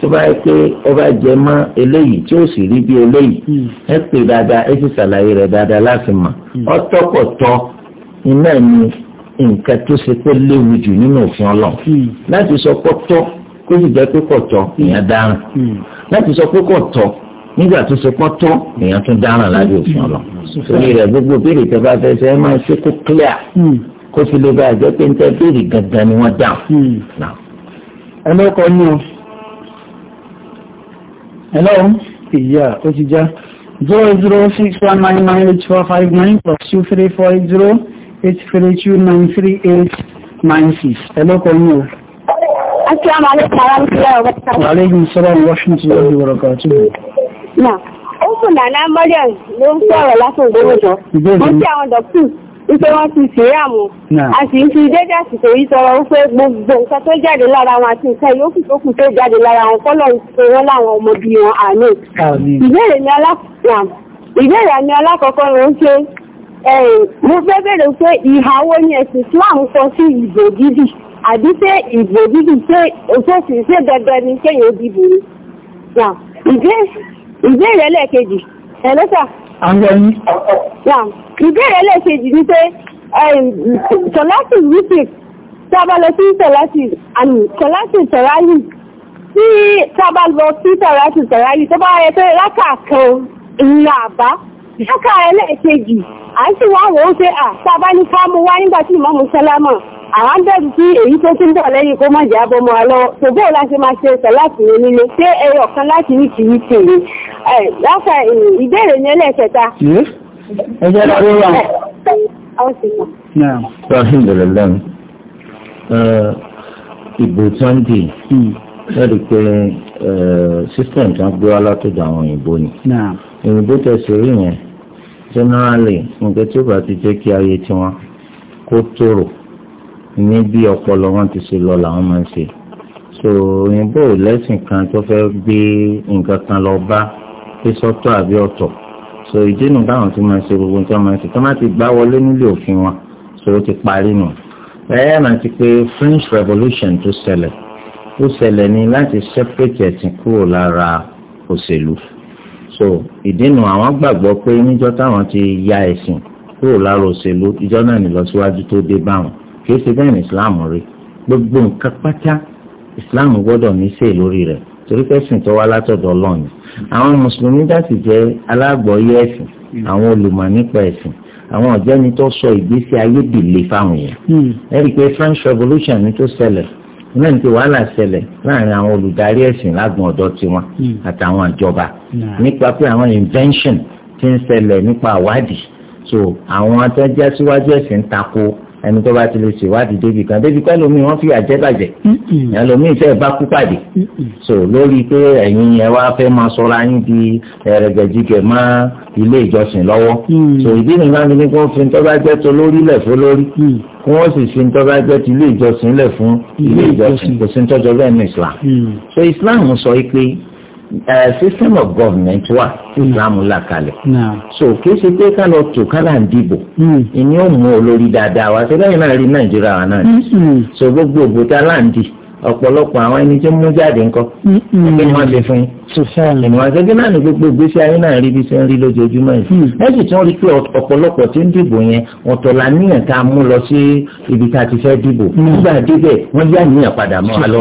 Speaker 3: tó bá yẹ pé ọba jẹ mọ́ eléyìí tí ó sì rí bí eléyìí ẹ pè dáadáa ẹ sì ṣàlàyé rẹ̀ dáadáa láti mọ̀ hmm.
Speaker 1: ọtọkọtọ
Speaker 3: iná ni nǹkan tó ṣe pé léwu jù nínú òfin Ọlọ́run láti sọ pọtọ kó sì jẹ pé kọtọ èèyàn dáràn láti sọ pé kọtọ hmm. nígbà tó ṣe pọtọ èèyàn tún dáràn lábẹ́ òfin hmm. Ọlọ́run torí rẹ̀ gbogbo béèrè tó bá fẹsẹ ẹ máa ṣe kó clear kó fi lè bá àjọ pé ń béèrè gangan ni wọn dáhùn. ẹ lọ́kọ̀ọ́ o
Speaker 1: hello ìyá ó ti já 006199845 plus 234083293896 hello kọ́ni o.
Speaker 2: Assalamu alaikum warahmatullahi wabarakatuh. Wa alaikum
Speaker 1: salam wa rahmatullahi wa barakatuh.
Speaker 2: Náà, ó fún Nana Mariam ló ń sọ̀rọ̀ lásìkò ìgbéwòjọ́. Ìgbéwòjọ́. Wọ́n ti àwọn dọ̀kítù nítorí wọ́n ti ṣe àmọ́ a sì ń fi dédé àsìkò yìí tọrọ wípé gbogbo nǹkan tó jáde lára wọn àti nǹkan yòókù tó kù tó jáde lára wọn kọ́lọ̀ ń pe wọ́n láwọn ọmọ wọn àánú. ìbéèrè ni alákọ̀ọ́kọ́ ló ń ṣe mo fẹ́ bèrè pé ìhàwó ni ẹ̀sìn Islam kọ sí ìbò dídì àbí pé ìbò dídì ṣe òṣèṣì ṣe dandan ni kéèyàn dìbò ni. ìbéèrè ẹlẹ́ẹ̀kejì ẹ̀lẹ́sà Ìbéèrè ẹlẹ́kejì ní pé Tọ́lásì Rúfik tábà lọ sí Tọ́lásì àmì Tọ́lásì Tọ́láyì tí tábà lọ sí Tọ́lásì Tọ́láyì tó bá rẹ pé lákà kan ìlà àbá lákà ẹlẹ́kejì à ń sì wá wọ́n pé à tábà ní ká mú wá nígbà tí ìmọ̀ mú sálámà àwọn bẹ̀rù sí èyí tó tún bọ̀ lẹ́yìn kó mọ̀ jábọ́ mọ́ wa lọ́wọ́ tó bóò láti máa ṣe sọ láti ní nílé ṣé ẹyọ kan láti wíkì wíkì ni láfà ìbéèrè ní ẹlẹ́ẹ̀kẹta. ẹ jẹ́ lórí wa.
Speaker 3: alhamdulilayi ìbò sunday lórí hmm. pé system tí wọ́n gbé wá látọ̀dọ̀ àwọn òyìnbó ni òyìnbó tẹ̀sí rí yẹn generally nǹkan tí ó bá ti jẹ́ kí ayé tiwọn kó tòrò ní bí ọpọlọ wọn ti ṣe lọ làwọn máa ń ṣe so òyìnbó lẹ́sìn kan tó fẹ́ gbé nǹkan kan lọ bá pé sọ́tọ̀ àbí ọ̀tọ̀ so ìdínú báwọn ti máa ṣe gbogbo nǹkan máa ṣe tó má ti gbá wọlé nílé òfin wọn so ó ti parí nù bẹ́ẹ̀ máa ti pé French Revolution tó ṣẹlẹ̀ tó ṣẹlẹ̀ ni láti separate ẹ̀sìn kúrò lára òṣèlú so ìdínú àwọn gbàgbọ́ pé níjọ́ táwọn ti ya ẹ̀sìn kúrò lára òṣèlú ìjọ náà nílọsíwájú tó dé báwọn kìí ṣe bẹ́ẹ̀ ní islam rí gbogbo nǹkan pátá islam gbọ́dọ̀ ní ṣe lórí rẹ̀ torí kẹ́sìn tó wá látọ̀dọ̀ ọlọ́run àwọn mùsùlùmí dàtí jẹ́ alágbọ̀ọ́yé ẹ̀sìn àwọn olùmọ̀ nípa ẹ̀sìn àwọn ọ̀jẹ́ni tó sọ ìgbésí ayé dìlé fáwọn yẹn hmm. ẹ̀rí pé french revolution ni tó ṣẹlẹ̀ náà ní ti wàhálà ṣẹlẹ̀ láàrin àwọn olùdarí ẹ̀sìn lágùn ọ̀dọ́ tiwọn hmm. àtàwọn àjọba hmm. nípa pé àwọn invention ti ń ṣẹlẹ̀ nípa àwádìí so àwọn atẹ́jẹ́ síwájú ẹ̀sìn tako ẹni tó bá ti lè ṣèwádìí débi kan débi kan lómi wọn fi àjẹ bàjẹ́ yẹn lómi ìfẹ́ bá kú pàdé so lórí pé ẹ̀yin yẹn wá fẹ́ máa sọra yín di ẹrẹgẹjìgẹ mọ́ ilé ìjọsìn lọ́wọ́ mm. so ìdí nìyí máa ń ní kí wọn fi tó bá jẹ tó lórí lẹ fún lórí mm. kí wọn sì fi tó bá jẹ ti ilé ìjọsìn lẹ fún ilé ìjọsìn kò sí ń bẹ́ẹ̀ ní islam mm. so islam sọ pé Uh, system of government wa islam là kalẹ̀. so kì í ṣe pé ká lọ tò ká là ń hmm. ìní ò mú olórí dáadáa wa ṣe lẹ́yìn náà rí nàìjíríà wa náà. Hmm. so gbogbo ògbó tá a là ọ̀pọ̀lọpọ̀ àwọn ẹni tó mú jáde ńkọ́ kí ni wọ́n lè fún yín. ìwọ̀n àgbẹ̀gbẹ̀ náà ní gbogbo ìgbésí ayé náà rí bí ṣe ń rí lójoojúmọ́ yìí. wọ́n hmm. sì tún rí pé ọ̀pọ̀lọpọ̀ tí ń dìbò yẹn ọ̀tọ̀ la níyàn tá a mú lọ sí ibi tá a ti fẹ́ dìbò. Hmm. nígbà débẹ̀ wọ́n yá níyàn padà mọ́ a lọ.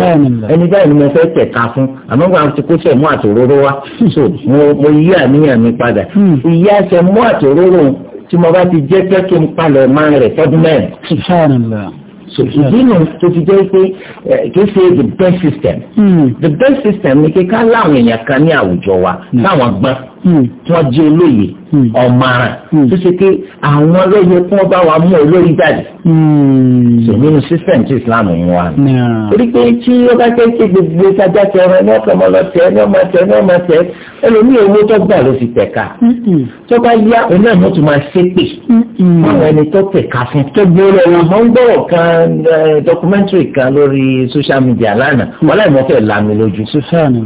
Speaker 3: ẹni báyìí ni mo fẹ́ tẹ̀ka fún àmọ́ wọn ti kó sẹ̀ mú àtòróró wa hmm. so mo yí àníyàn mi padà. ìyá sẹ̀ mú àtòróró tí mo bá ti jẹ́ kẹ́kẹ́ ń palẹ̀ máa rẹ̀ tọ́dún
Speaker 1: mẹ́rin.
Speaker 3: So nù tó fi jẹ́ pé kì í the best system hmm. the best system ni kí ká láwọn èèyàn kan ní àwùjọ wa hmm. láwọn gbọ́n hmm. tí wọ́n jẹ́ olóye ọ̀maràn tó ṣe pé àwọn ló yẹ kí wọ́n bá wa mú olórí jáde ṣùgbọ́n hmm. sísẹ̀m tí islam ń wá. torí pé tí ó bá jẹ́ kí gbogbo sájà tẹ ọ̀rọ̀ ní ọ̀kọ̀ ọmọlọ tẹ ní ọmọ tẹ ní ọmọ tẹ ẹlòmíì owó tó gbà ló fi tẹ̀ka. tó bá yá òun náà mo tún máa ṣépè. àwọn ẹni tó tẹ̀ka fún. tó gbóòrò wọn mọ ń gbọ́rọ̀ kan eh, documentary kan lórí social media lánàá wọn láì mọ fẹ́ là mí lójú.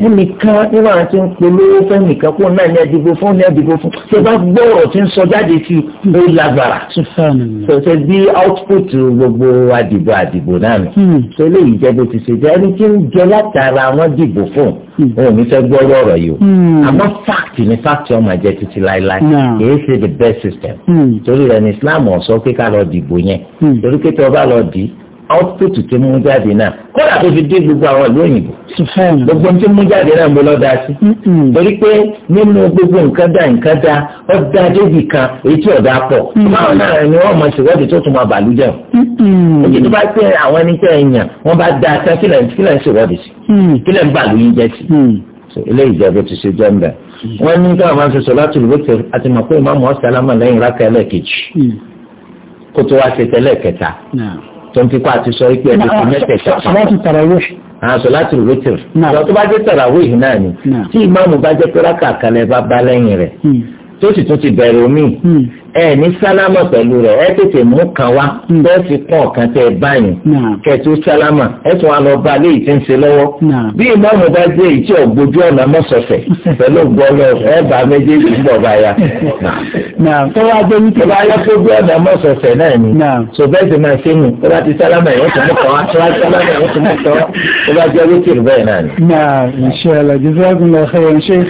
Speaker 3: ẹnìkan nígbà wọn ti ń polówó fún nìkan kó náà ní ẹdìbò fún ní ẹdìbò fún tó bá gbọ́rọ̀ ti ń sọ jáde sí i ó lágbára. sọ kùtù gbogbo àdìbò àdìbò náà nù. ṣé hmm. eléyìí jẹ́ bó ti ṣe jẹ́ ẹni tí ń jẹ látara wọn dìbò fún un hmm. òun ní fẹ́ gbọ́ ọ̀rọ̀ yìí o. Hmm. àmọ́ fact ni fact ọmọ jẹ títí láéláé kìí ṣe the best system. torí rẹ̀ ní Islam ọ̀sọ́ pé ká lọ dìbò yẹn torí pé tí wọ́n bá lọ dì output tó mú jáde náà kódà tó fi dé gbogbo àwọn ìlú òyìnbó gbogbo tó mú jáde náà mo lọ da sí torí pé nínú gbogbo nǹkan dá nǹkan dá ọ̀dà débi kan èyí tí ọ̀dà pọ̀ báwọn náà ni wọ́n mọ̀ ṣèwọ́de tó tún máa bàlújẹ́
Speaker 4: o èyí
Speaker 3: tó bá pé àwọn ẹni tẹ́ ẹ̀yàn wọ́n bá da sẹ́ kílẹ̀ kílẹ̀ ń ṣèwọ́de sí mm. kílẹ̀ ń bàlúyìn jẹ́ sí mm. eléyìí jẹ́ bó ti ṣe jẹ́ ń bẹ̀ mm. wọ́n ní káwọn máa ń ṣe sọ láti lùbọ́tẹ̀ àti mọ̀ pé ìmáàmù alámọ̀ lẹ́yìn rákà ẹlẹ́ẹ̀kejì kó tó wá ṣe tẹ́lẹ̀ kẹta tó ń kíkọ́ àti sọ pé ẹ̀dẹ́ tó mẹ́tẹ̀ẹ̀ta. sọláàtì tarawih. àwọn sọláàtì wítìrì. tó bá jẹ́ tarawih náà ni tí ìmáàmù bá jẹ́ pé rákà kan bá bá lẹ́yìn rẹ̀ hmm tó sì tún ti bẹ̀rẹ̀ omi hmm. ẹ ní sálámà pẹ̀lú rẹ̀ ẹ tètè mú kan wá bẹ́ẹ̀ hmm. sì pọ̀ kan tẹ báyìí kẹtù sálámà ẹ tún wà lọ bá léyìí tí ń ṣe lọ́wọ́ bí ìmọ̀ọ́mù bá dé èyí tí ògbójú ọ̀nà mọ́sọ̀fẹ̀ pẹ̀lú gbọ́lọ́ ẹ bá méjèèjì ń bọ̀ báyà. tó wá dé wípé bá yẹ kó gbé ọ̀nà mọ́sọ̀fẹ̀ náà ni tó bẹ́ẹ̀ sì máa ṣe mú tó bá ti sálámà ẹ̀ tún mú kan wá tó bá sálámà ẹ̀ tún mú kan
Speaker 1: wá tó bá jẹ́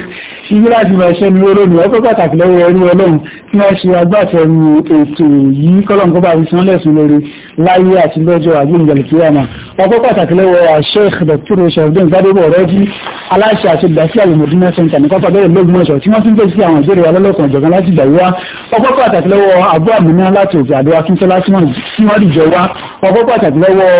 Speaker 1: ibi láti máa ṣẹ́ ní olóòrùn ọkọ́ pàtàkì lọ́wọ́ ẹrú ọlọ́run tí wọ́n ṣe agbáfẹ́rú ètò yìí kọ́lọ̀nkọ́ bá fi sán lẹ́sùn lórí láyé àti lọ́jọ́ àjíǹgbàlùkíyàmà ọkọ́ pàtàkì lọ́wọ́ Sheikh Dr. Sharifdeen Gbadebo Raji aláṣẹ àti ìdásí Al-Modina Center ní pápá bẹ́ẹ̀ lọ́gbọ́nsọ̀ tí wọ́n ti ń bẹ̀ sí àwọn ìbéèrè alọ́lọ́kan ìjọ̀kan láti ìgbà wá ọkọ́ pàtàkì lọ́wọ́ ọkọ́ pàtàkì lọ́wọ́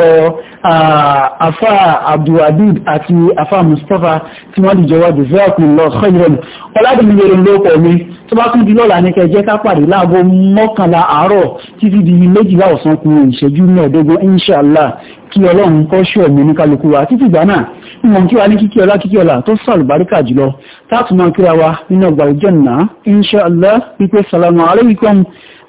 Speaker 1: àfá abdulwadid àti àfá mustapha tí wọ́n lè jọwọ́ jù fẹ́ọ̀kùn lọ khairan ọládùnmíyẹrẹ ló pọ̀ mi tó bá kún di lọ́la ní kẹjẹ́ ká pàdé láago mọ́kànlá àárọ̀ títí di méjìlá ọ̀sán kù ìṣẹ́jú mẹ́ẹ̀ẹ́dógún inṣàlá kí ọlọ́run kọ́ ṣọ́ ẹ̀mí ní kálukú wa títí ìgbà náà ìmọ̀ kí wa ní kíkí ọlá kíkí ọlá tó sàlùbáríkà jùlọ táàtùmọ̀ kíra wa nínú ọgbà ìjọ nà inṣàlá pípé salamu alaykum